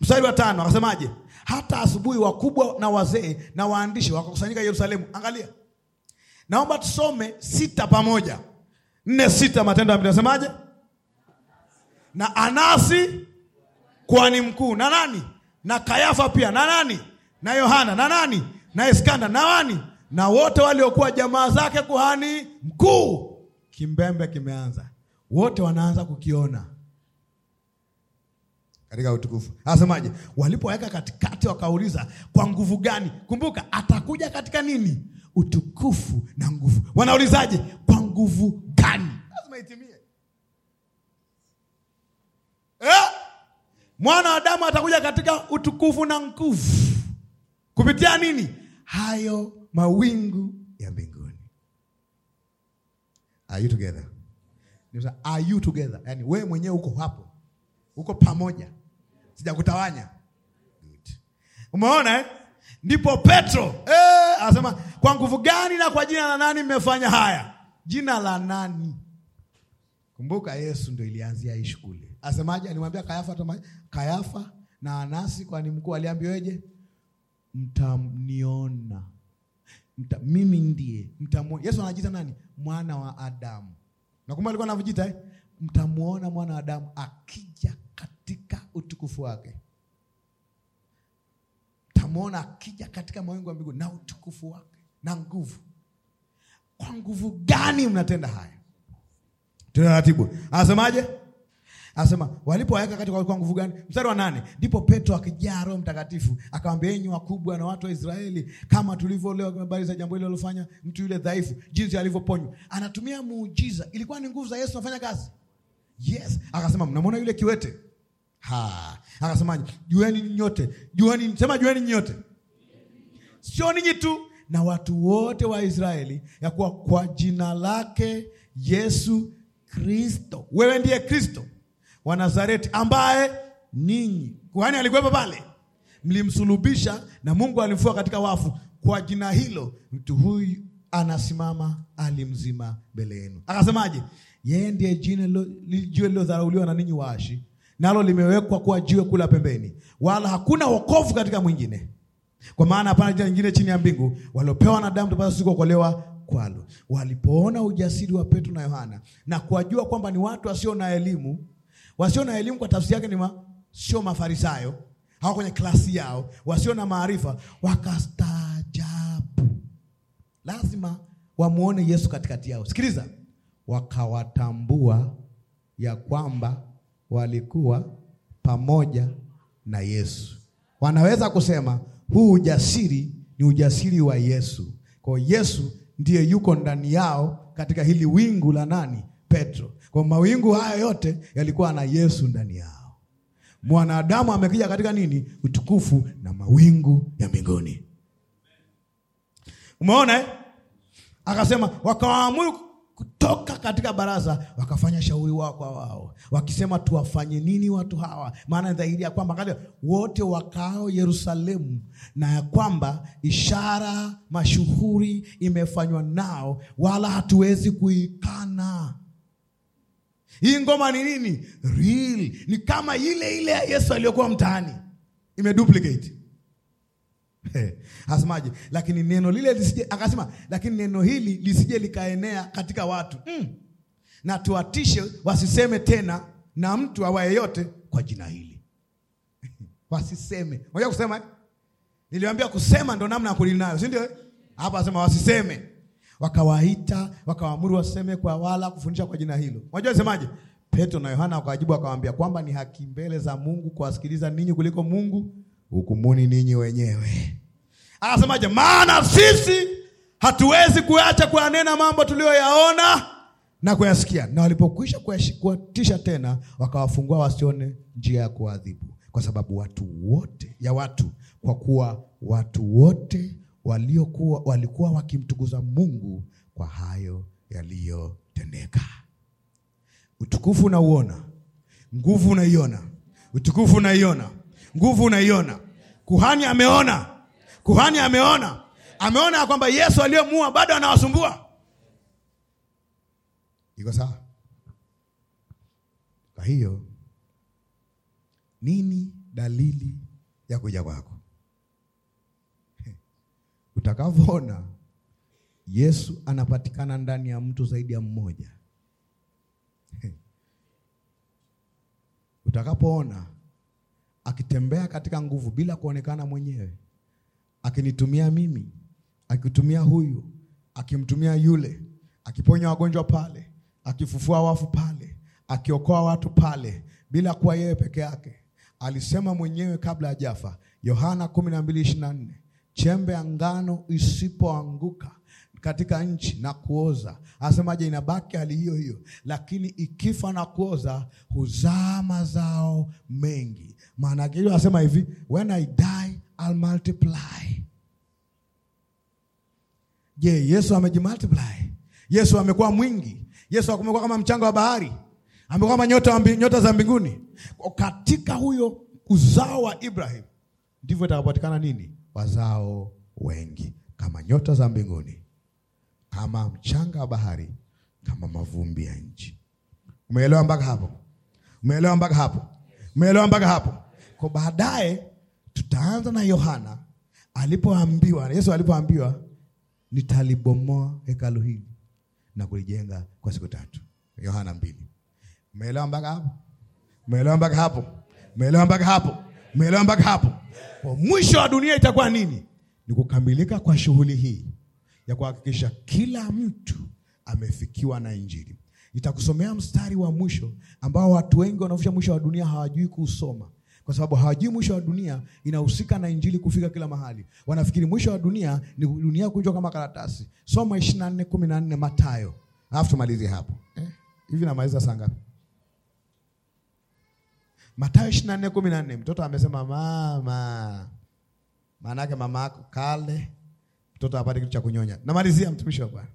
Mstari wa tano akasemaje? Hata asubuhi wakubwa na wazee na waandishi wakakusanyika Yerusalemu. Angalia, naomba tusome sita pamoja, nne sita. Matendo ya Mitume Na Anasi kuhani mkuu na nani na Kayafa pia na nani na Yohana na nani na Iskanda na wani na wote waliokuwa jamaa zake kuhani mkuu. Kimbembe kimeanza, wote wanaanza kukiona katika utukufu. Anasemaje? Walipoweka katikati, wakauliza kwa nguvu gani? Kumbuka atakuja katika nini? Utukufu na nguvu. Wanaulizaje? Kwa nguvu gani? Lazima itimie eh? Mwana wa Adamu atakuja katika utukufu na nguvu, kupitia nini? Hayo mawingu ya mbinguni. Are you together? Are you together? Yani wewe mwenyewe uko hapo, uko pamoja sijakutawanya umeona eh? ndipo Petro eh, anasema kwa nguvu gani na kwa jina la nani mmefanya haya? Jina la nani? Kumbuka Yesu ndo ilianzia hii kule, Asemaje? Alimwambia Kayafa tama, Kayafa na Anasi kwani mkuu aliambiweje? Mtamniona Mta, mimi ndiye mtamuona. Yesu anajiita nani? Mwana wa Adamu. Nakumbuka alikuwa anavyojiita eh? Mtamuona mwana wa Adamu akija katika utukufu wake. Tamwona akija katika mawingu ya mbingu na utukufu wake na nguvu. Kwa nguvu gani mnatenda haya? Tunaratibu, anasemaje? Anasema walipowaweka katika kwa nguvu gani? Mstari wa nane, ndipo Petro akijaa Roho Mtakatifu akawaambia, enyi wakubwa na watu wa Israeli, kama tulivyo leo habari za jambo hilo alilofanya mtu yule dhaifu, jinsi alivyoponywa. Anatumia muujiza. Ilikuwa ni nguvu za Yesu anafanya kazi. Yes, akasema mnamwona yule kiwete Akasemaje? Jueni nyote, jueni, sema jueni nyote, sio ninyi tu, na watu wote wa Israeli, ya kuwa kwa jina lake Yesu Kristo, wewe ndiye Kristo wa Nazareti, ambaye ninyi kwani alikuwepo pale, mlimsulubisha na Mungu alimfua katika wafu. Kwa jina hilo mtu huyu anasimama alimzima mbele yenu. Akasemaje? Yeye ndiye jina lililodharauliwa na ninyi waashi nalo limewekwa kuwa jiwe kula pembeni, wala hakuna wokovu katika mwingine, kwa maana hapana jina lingine chini ya mbingu waliopewa damu tupata sisi kuokolewa kwalo. Walipoona ujasiri wa Petro na Yohana na kuwajua kwamba ni watu wasio na elimu, wasio na elimu kwa tafsiri yake ni ma, sio Mafarisayo, hao kwenye klasi yao, wasio na maarifa, wakastaajabu. Lazima wamwone Yesu katikati yao. Sikiliza, wakawatambua ya kwamba walikuwa pamoja na Yesu. Wanaweza kusema huu ujasiri ni ujasiri wa Yesu. Kwa Yesu ndiye yuko ndani yao katika hili wingu la nani? Petro. Kwa mawingu haya yote yalikuwa na Yesu ndani yao. Mwanadamu amekuja katika nini? Utukufu na mawingu ya mbinguni. Umeona? Eh? Akasema wakaamuru kutoka katika baraza wakafanya shauri wao kwa wao, wakisema tuwafanye nini watu hawa? Maana dhahiri ya kwamba kale wote wakao Yerusalemu, na ya kwamba ishara mashuhuri imefanywa nao, wala hatuwezi kuikana. Hii ngoma ni nini? Real. Ni kama ile ile ya Yesu aliyokuwa mtaani, imeduplicate Asemaje? Lakini neno lile lisije, akasema lakini neno hili lisije likaenea katika watu mm, na tuwatishe wasiseme tena na mtu awa yote kwa jina hili wasiseme. Unajua kusema, eh? niliwaambia kusema ndo namna ya kulinayo, si ndio? Eh? Hapa asema wasiseme, wakawaita wakawaamuru waseme kwa wala kufundisha kwa jina hilo. Unajua asemaje? Petro na Yohana wakajibu wakawaambia kwamba ni haki mbele za Mungu kuwasikiliza ninyi kuliko Mungu hukumuni ninyi wenyewe. Anasemaje? Maana sisi hatuwezi kuacha kuyanena mambo tuliyoyaona na kuyasikia. Na walipokwisha kuwatisha tena, wakawafungua wasione njia ya kuadhibu, kwa sababu watu wote ya watu, kwa kuwa watu wote waliokuwa walikuwa wakimtukuza Mungu kwa hayo yaliyotendeka. Utukufu unauona, nguvu unaiona, utukufu unaiona nguvu unaiona kuhani ameona kuhani ameona ameona ya kwamba yesu aliyemua bado anawasumbua iko sawa kwa hiyo nini dalili ya kuja kwako utakavyoona yesu anapatikana ndani ya mtu zaidi ya mmoja utakapoona akitembea katika nguvu bila kuonekana mwenyewe, akinitumia mimi, akitumia huyu, akimtumia yule, akiponya wagonjwa pale, akifufua wafu pale, akiokoa watu pale, bila kuwa yeye peke yake. Alisema mwenyewe kabla jafa Yohana 12:24, chembe ya ngano isipoanguka katika nchi na kuoza, asemaje? Inabaki hali hiyo hiyo, lakini ikifa na kuoza huzaa mazao mengi. Maana yake hiyo asema hivi, when I die I'll multiply. Je, Yesu amejimultiply? Yesu amekuwa mwingi? Yesu amekuwa kama mchanga wa bahari? Amekuwa kama nyota wa nyota za mbinguni? Katika huyo uzao wa Ibrahim ndivyo itakapatikana nini? Wazao wengi kama nyota za mbinguni, kama mchanga wa bahari, kama mavumbi ya nchi. Umeelewa mpaka hapo? Umeelewa mpaka hapo? Umeelewa mpaka hapo? Kwa baadaye tutaanza na Yohana alipoambiwa, Yesu alipoambiwa nitalibomoa hekalu hili na kulijenga kwa siku tatu. Yohana mbili. Umeelewa mpaka hapo? Umeelewa mpaka hapo? Umeelewa mpaka hapo? Umeelewa mpaka hapo? Kwa mwisho wa dunia itakuwa nini? Ni kukamilika kwa shughuli hii ya kuhakikisha kila mtu amefikiwa na Injili. Nitakusomea mstari wa mwisho ambao watu wengi wanaofisha mwisho wa dunia hawajui kusoma kwa sababu hawajui mwisho wa dunia inahusika na injili kufika kila mahali. Wanafikiri mwisho wa dunia ni dunia kunjwa kama karatasi. Soma ishirini na nne kumi na nne Matayo, alafu tumalize hapo eh? hivi namaliza saa ngapi? Matayo ishirini na nne kumi na nne mtoto amesema mama, maana yake mama yako kale mtoto apate kitu cha kunyonya. Namalizia mtumishi wa Bwana,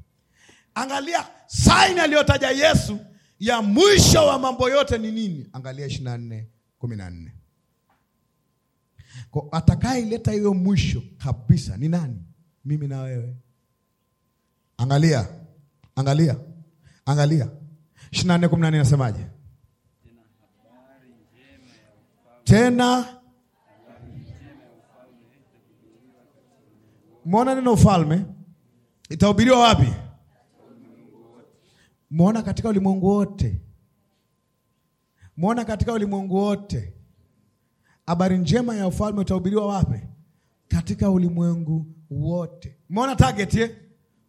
angalia saini aliyotaja Yesu ya mwisho wa mambo yote ni nini? Angalia ishirini na nne kumi na nne kwa atakayeleta hiyo mwisho kabisa ni nani? Mimi na wewe. Angalia, angalia, angalia ishirini na nne kumi na nne nasemaje? Tena mwona neno ufalme itahubiriwa wapi? Mwona katika ulimwengu wote, mwona katika ulimwengu wote habari njema ya ufalme utahubiriwa wapi? Katika ulimwengu wote. Umeona target ye? Eh?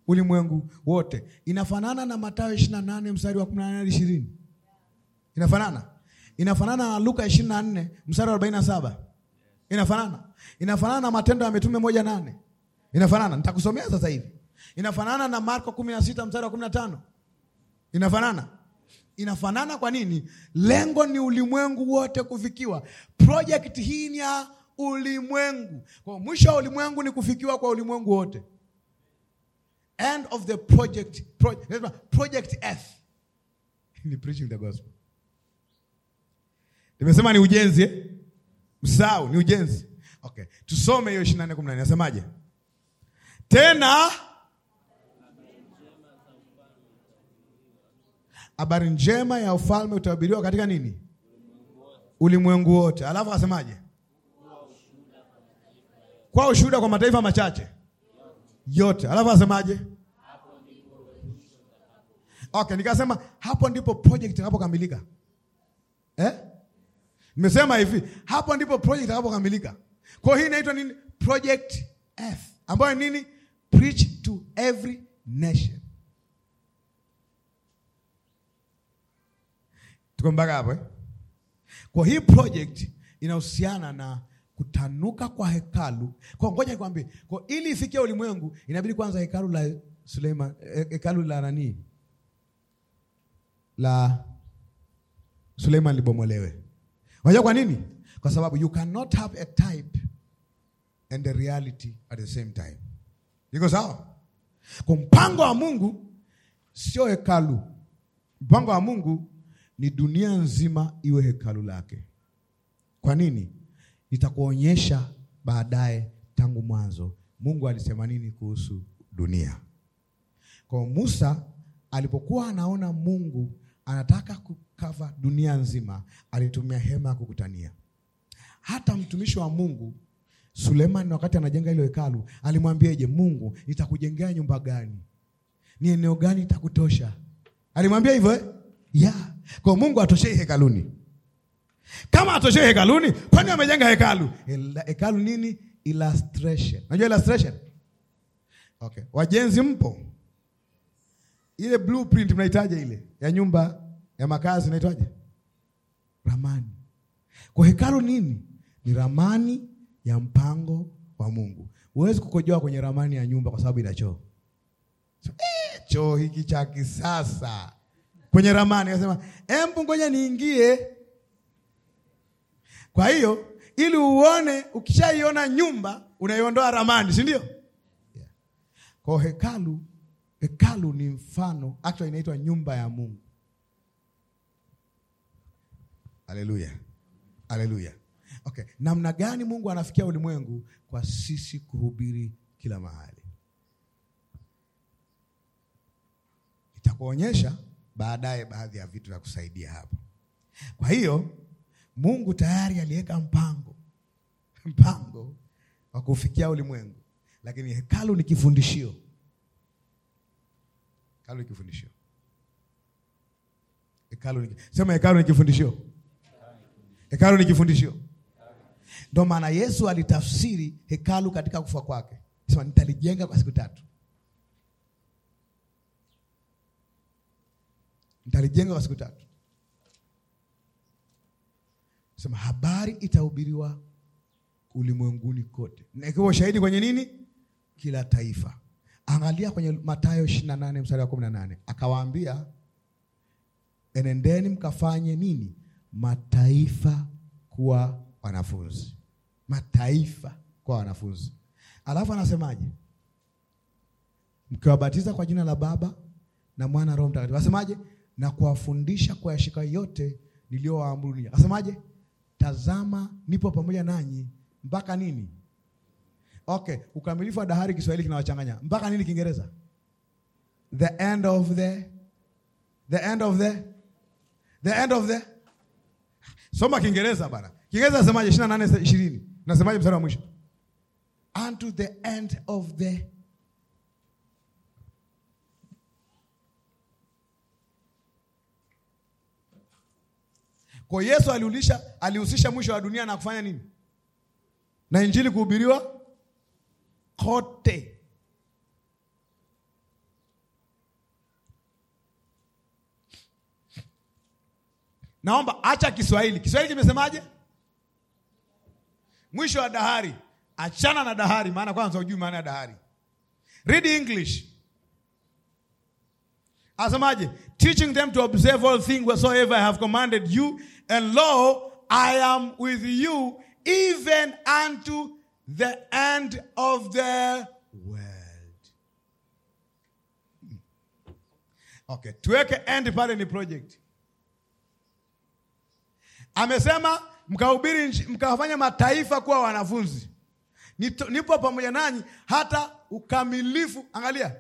Ulimwengu wote inafanana na Mathayo 28 mstari wa 18 hadi 20. Inafanana inafanana na Luka 24 mstari wa 47. Inafanana inafanana na Matendo ya Mitume moja nane. Inafanana, nitakusomea sasa hivi. Inafanana na Marko 16 mstari wa 15. Inafanana inafanana. Kwa nini? Lengo ni ulimwengu wote kufikiwa. Project hii ni ya ulimwengu, kwa mwisho wa ulimwengu ni kufikiwa kwa ulimwengu wote. End of the project, project, project F ni preaching the gospel. Nimesema ni ujenzi eh? Msahau ni ujenzi. Okay, tusome hiyo 24:14 nasemaje? Tena habari njema ya ufalme utahubiriwa katika nini? Ulimwengu wote. Alafu asemaje? Kwa ushuhuda kwa mataifa machache yote. Alafu asemaje? Okay, nikasema hapo ndipo project itakapokamilika. Eh? Nimesema hivi, hapo ndipo project itakapokamilika. Kwa hiyo hii inaitwa nini? Project F, ambayo nini? Preach to every nation. Tuko mpaka hapo eh? Kwa hii project inahusiana na kutanuka kwa hekalu. Kwa ngoja nikwambie, kwa ili ifikie ulimwengu inabidi kwanza hekalu la Suleiman, eh, eh, hekalu la nani? La Suleiman libomolewe. Unajua kwa nini? Kwa sababu you cannot have a type and a reality at the same time. Iko sawa? Kwa mpango wa Mungu sio hekalu. Mpango wa Mungu ni dunia nzima iwe hekalu lake. Kwa nini? Nitakuonyesha baadaye, tangu mwanzo Mungu alisema nini kuhusu dunia. Kwa Musa alipokuwa anaona Mungu anataka kukava dunia nzima, alitumia hema ya kukutania. Hata mtumishi wa Mungu Sulemani, wakati anajenga ile hekalu, alimwambiaje Mungu, nitakujengea nyumba gani? Ni eneo gani itakutosha? Alimwambia hivyo eh? yeah. Kwa Mungu atoshei hekaluni. Kama atoshei hekaluni, kwani amejenga hekalu? Hekalu nini? Illustration. Unajua illustration? Okay. Wajenzi mpo? Ile blueprint mnahitaji ile ya nyumba ya makazi inaitwaje? Ramani. Kwa hekalu nini? Ni ramani ya mpango wa Mungu. Huwezi kukojoa kwenye ramani ya nyumba kwa sababu ina choo. Eh, choo hiki cha kisasa kwenye ramani, akasema embu ngoja niingie. Kwa hiyo ili uone, ukishaiona nyumba unaiondoa ramani, si ndio? Yeah. Kwa hekalu, hekalu ni mfano, actually inaitwa nyumba ya Mungu. Haleluya, haleluya. Okay, namna gani Mungu anafikia ulimwengu? Kwa sisi kuhubiri kila mahali. itakuonyesha baadaye baadhi ya vitu vya kusaidia hapo. Kwa hiyo Mungu tayari aliweka mpango mpango wa kufikia ulimwengu, lakini hekalu ni kifundishio. Hekalu ni kifundishio. Hekalu ni sema, hekalu ni kifundishio. Hekalu ni kifundishio. Ndio maana Yesu alitafsiri hekalu katika kufa kwake, sema nitalijenga kwa siku tatu. Nitalijenga kwa siku tatu. Sema habari itahubiriwa ulimwenguni kote, na ikiwa ushahidi kwenye nini? Kila taifa. Angalia kwenye Mathayo 28 mstari wa 18, akawaambia enendeni mkafanye nini? Mataifa kuwa wanafunzi, mataifa kuwa wanafunzi. Alafu anasemaje? Mkiwabatiza kwa jina la Baba na Mwana Roho Mtakatifu. Anasemaje? na kuwafundisha kuyashika yote niliyowaamuru ninyi. Asemaje? Tazama nipo pamoja nanyi mpaka nini? Okay, ukamilifu wa dahari Kiswahili kinawachanganya. Mpaka nini Kiingereza? The end of the the end of the the end of the Soma Kiingereza bana. Kiingereza nasemaje? 28 20. Nasemaje mstari wa mwisho? Unto the end of the Kwa Yesu aliulisha, alihusisha mwisho wa dunia na kufanya nini? Na injili kuhubiriwa kote. Naomba acha Kiswahili. Kiswahili kimesemaje? Mwisho wa dahari. Achana na dahari, maana kwanza hujui maana ya dahari. Read English. Asemaje? Teaching them to observe all things whatsoever I have commanded you, and lo, I am with you even unto the end of the world. Hmm. Okay, tuweke end pale ni project. Amesema mkahubiri, mkawafanya mataifa kuwa wanafunzi, nipo pamoja nanyi hata ukamilifu. Angalia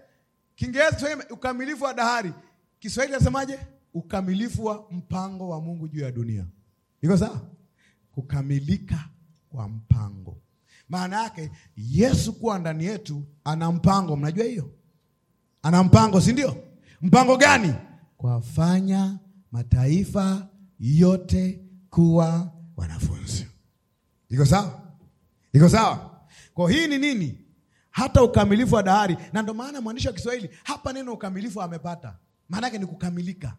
Kiingereza ukamilifu wa dahari, Kiswahili nasemaje? Ukamilifu wa mpango wa Mungu juu ya dunia. Iko sawa? Kukamilika kwa mpango, maana yake Yesu kuwa ndani yetu, ana mpango. Mnajua hiyo, ana mpango, si ndio? Mpango gani? Kuwafanya mataifa yote kuwa wanafunzi. Iko sawa? Iko sawa? Kwa hii ni nini? hata ukamilifu wa dahari. Na ndio maana mwandishi wa Kiswahili hapa neno ukamilifu amepata, maana yake ni kukamilika,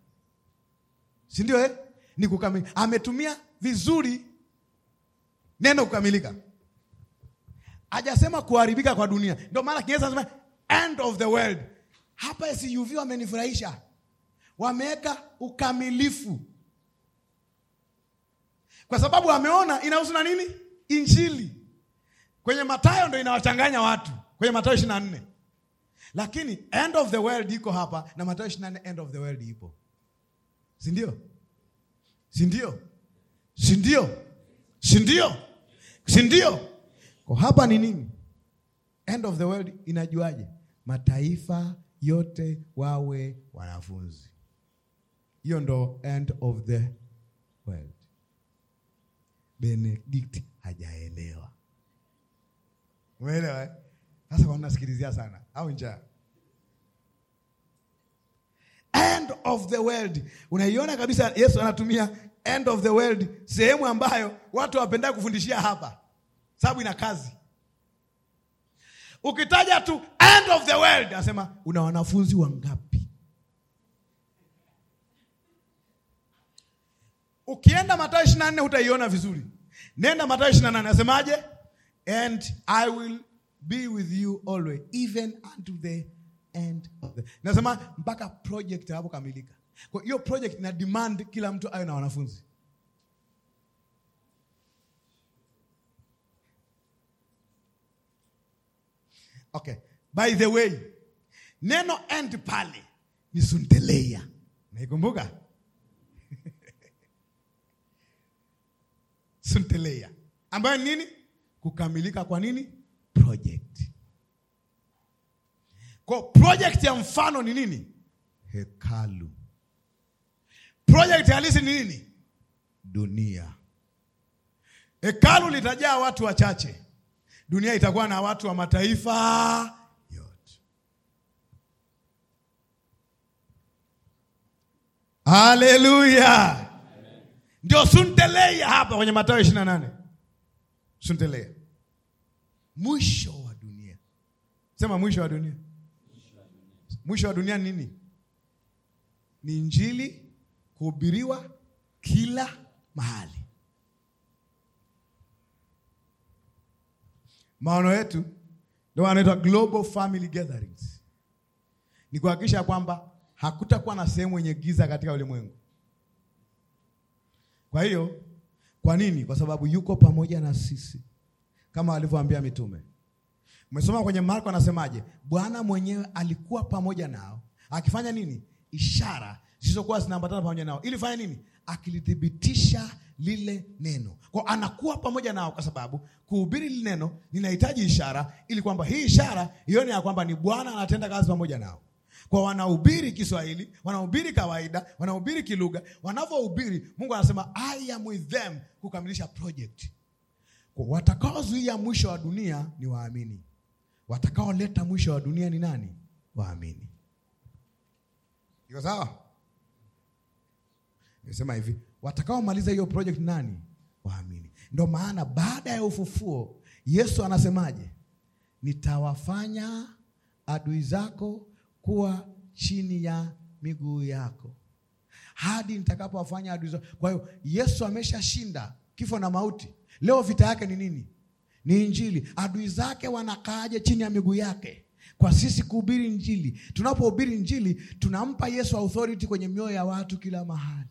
si ndio eh? Ni kukamilika, ametumia vizuri neno kukamilika, hajasema kuharibika kwa dunia. Ndio maana Kiingereza anasema end of the world. Hapa SUV wamenifurahisha, wameweka ukamilifu kwa sababu ameona inahusu na nini? Injili. Kwenye Mathayo ndo inawachanganya watu kwenye Mathayo ishirini na nne lakini end of the world iko hapa na Mathayo ishirini na nne end of the world ipo, sindio sindio sindio sindio sindio Kwa hapa ni nini? End of the world inajuaje? Mataifa yote wawe wanafunzi. Hiyo ndo end of the world. Benedict hajaelewa, umeelewa? Eh? Sasa unasikilizia sana au njaa? End of the world, unaiona kabisa. Yesu anatumia end of the world, sehemu ambayo watu wapenda kufundishia hapa, sababu ina kazi. Ukitaja tu end of the world, anasema una wanafunzi wangapi? Ukienda Mathayo ishirini na nne hutaiona vizuri. Nenda Mathayo ishirini na nane, anasemaje? And I will be with you always even unto the end of the. Nasema mpaka project hapo kamilika Kwa hiyo project na demand kila mtu awe na wanafunzi. Okay. By the way, neno end pale ni sunteleia. Naikumbuka? sunteleia. Ambayo nini? Kukamilika kwa nini? project. Kwa project ya mfano ni nini? Hekalu. Project halisi ni nini? Dunia. Hekalu litajaa watu wachache, dunia itakuwa na watu wa mataifa yote. Haleluya! Ndio suntelea hapa kwenye Mathayo ishirini na nane mwisho wa dunia. Sema mwisho wa dunia. Mwisho wa dunia nini? Ni injili kuhubiriwa kila mahali. Maono yetu ndio anaitwa Global Family Gatherings, ni kuhakikisha kwamba hakutakuwa na sehemu yenye giza katika ulimwengu. Kwa hiyo, kwa nini? Kwa sababu yuko pamoja na sisi kama alivyoambia mitume. Umesoma kwenye Marko anasemaje? Bwana mwenyewe alikuwa pamoja nao akifanya nini? Ishara zisizokuwa zinaambatana pamoja nao, ili fanya nini? Akilithibitisha lile neno. Kwa anakuwa pamoja nao, kwa sababu kuhubiri lile neno linahitaji ishara, ili kwamba hii ishara ione ya kwamba ni Bwana anatenda kazi pamoja nao. Kwa wanahubiri Kiswahili, wanahubiri kawaida, wanahubiri kilugha, wanavyohubiri Mungu anasema I am with them kukamilisha project. Watakaozuia mwisho wa dunia ni waamini. Watakaoleta mwisho wa dunia ni nani? Waamini. Iko sawa? Nimesema hivi, watakaomaliza hiyo project nani? Waamini. Ndio maana baada ya ufufuo Yesu anasemaje? Nitawafanya adui zako kuwa chini ya miguu yako hadi nitakapowafanya adui zako. Kwa hiyo Yesu ameshashinda kifo na mauti. Leo vita yake ni nini? Ni Injili. Adui zake wanakaaje chini ya miguu yake? Kwa sisi kuhubiri Injili. Tunapohubiri Injili tunampa Yesu authority kwenye mioyo ya watu kila mahali,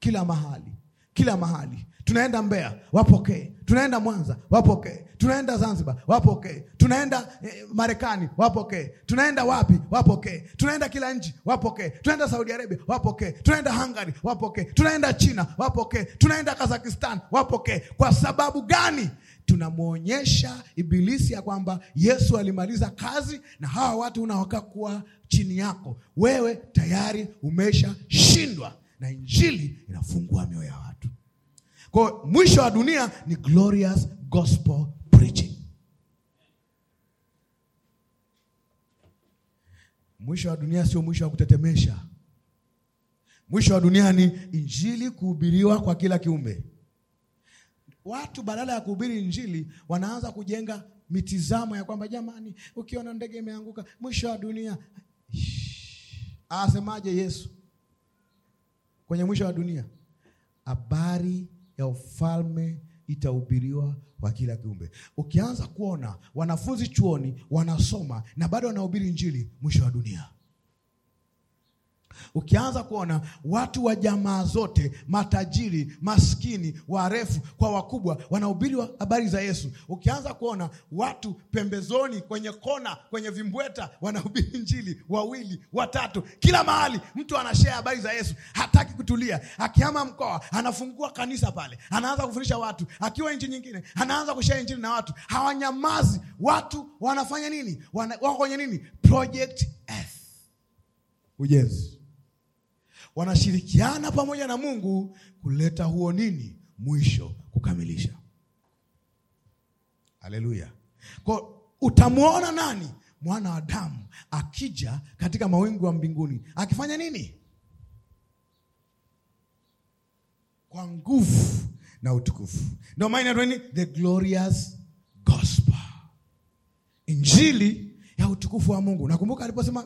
kila mahali kila mahali. Tunaenda Mbeya, wapokee. Tunaenda Mwanza, wapokee. Tunaenda Zanzibar, wapokee. Tunaenda eh, Marekani, wapokee. Tunaenda wapi, wapokee. Tunaenda kila nchi, wapokee. Tunaenda Saudi Arabia, wapokee. Tunaenda Hungary, wapokee. Tunaenda China, wapokee. Tunaenda Kazakhstan, wapokee. Kwa sababu gani? Tunamwonyesha Ibilisi ya kwamba Yesu alimaliza kazi na hawa watu unawaka kuwa chini yako wewe tayari umeshashindwa na injili inafungua mioyo ya watu. Kwa mwisho wa dunia ni glorious gospel preaching. Mwisho wa dunia sio mwisho wa kutetemesha. Mwisho wa dunia ni injili kuhubiriwa kwa kila kiumbe. Watu badala ya kuhubiri injili wanaanza kujenga mitizamo ya kwamba jamani, ukiona ndege imeanguka, mwisho wa dunia. Asemaje Yesu? kwenye mwisho wa dunia habari ya ufalme itahubiriwa kwa kila kiumbe. Ukianza kuona wanafunzi chuoni wanasoma na bado wanahubiri Injili, mwisho wa dunia. Ukianza kuona watu wa jamaa zote, matajiri, maskini, warefu kwa wakubwa, wanahubiri habari za Yesu. Ukianza kuona watu pembezoni, kwenye kona, kwenye vimbweta, wanahubiri Injili, wawili watatu, kila mahali mtu anashea habari za Yesu, hataki kutulia. Akihama mkoa, anafungua kanisa pale, anaanza kufundisha watu. Akiwa nchi nyingine, anaanza kushea Injili na watu, hawanyamazi. Watu wanafanya nini? wako kwenye nini? Project F, ujenzi wanashirikiana pamoja na Mungu kuleta huo nini mwisho kukamilisha. Haleluya! Kwa utamwona nani mwana wa Adamu akija katika mawingu ya mbinguni akifanya nini? Kwa nguvu na utukufu. Ndio maana inaitwa nini? The glorious gospel, injili ya utukufu wa Mungu. Nakumbuka aliposema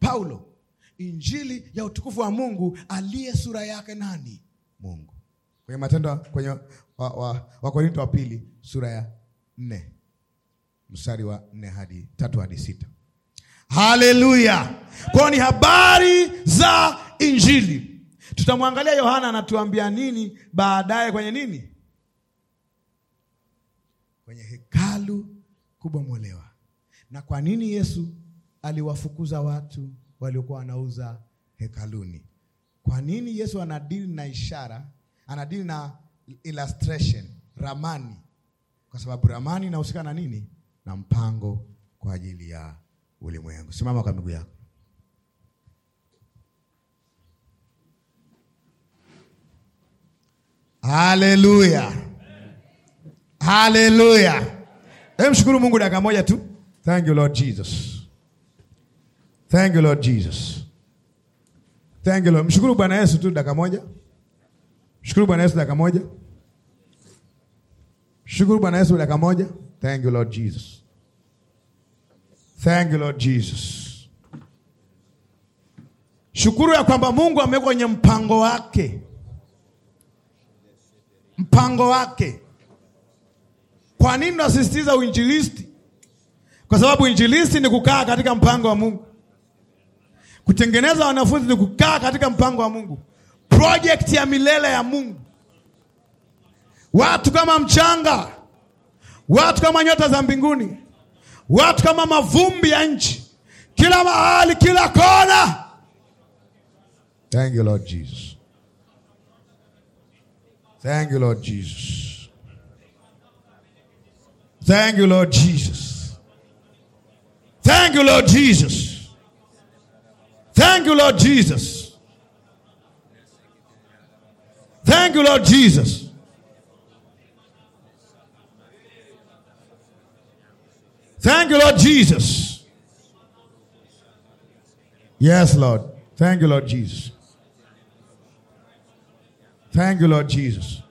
Paulo injili ya utukufu wa Mungu aliye sura yake nani? Mungu. Kwenye Matendo kwenye Wakorinto wa, wa, wa pili sura ya nne mstari wa nne hadi tatu hadi sita. Haleluya! Kwao ni habari za injili. Tutamwangalia Yohana anatuambia nini baadaye kwenye nini, kwenye hekalu kubomolewa na kwa nini Yesu aliwafukuza watu waliokuwa wanauza hekaluni. Kwa nini Yesu anadili na ishara, anadili na illustration, ramani? Kwa sababu ramani inahusika na nini? Na mpango kwa ajili ya ulimwengu. Simama kwa miguu yako. Haleluya, haleluya! Hemshukuru Mungu dakika moja tu. Thank you Lord Jesus. Thank you Lord Jesus. Thank you Lord. Mshukuru Bwana Yesu tu dakika moja. Mshukuru Bwana Yesu dakika moja. Mshukuru Bwana Yesu dakika moja. Thank you Lord Jesus. Thank you Lord Jesus. Shukuru ya kwamba Mungu ameweka kwenye mpango wake, mpango wake. Kwa nini nasisitiza uinjilisti? Kwa sababu injilisti ni kukaa katika mpango wa Mungu. Kutengeneza wanafunzi ni kukaa katika mpango wa Mungu, project ya milele ya Mungu. Watu kama mchanga, watu kama nyota za mbinguni, watu kama mavumbi ya nchi, kila mahali, kila kona. Thank you Lord Jesus. Thank you Lord Jesus. Thank you Lord Jesus. Thank you Lord Jesus. Thank you, Lord Jesus. Thank you, Lord Jesus. Thank you, Lord Jesus. Yes, Lord. Thank you, Lord Jesus. Thank you, Lord Jesus.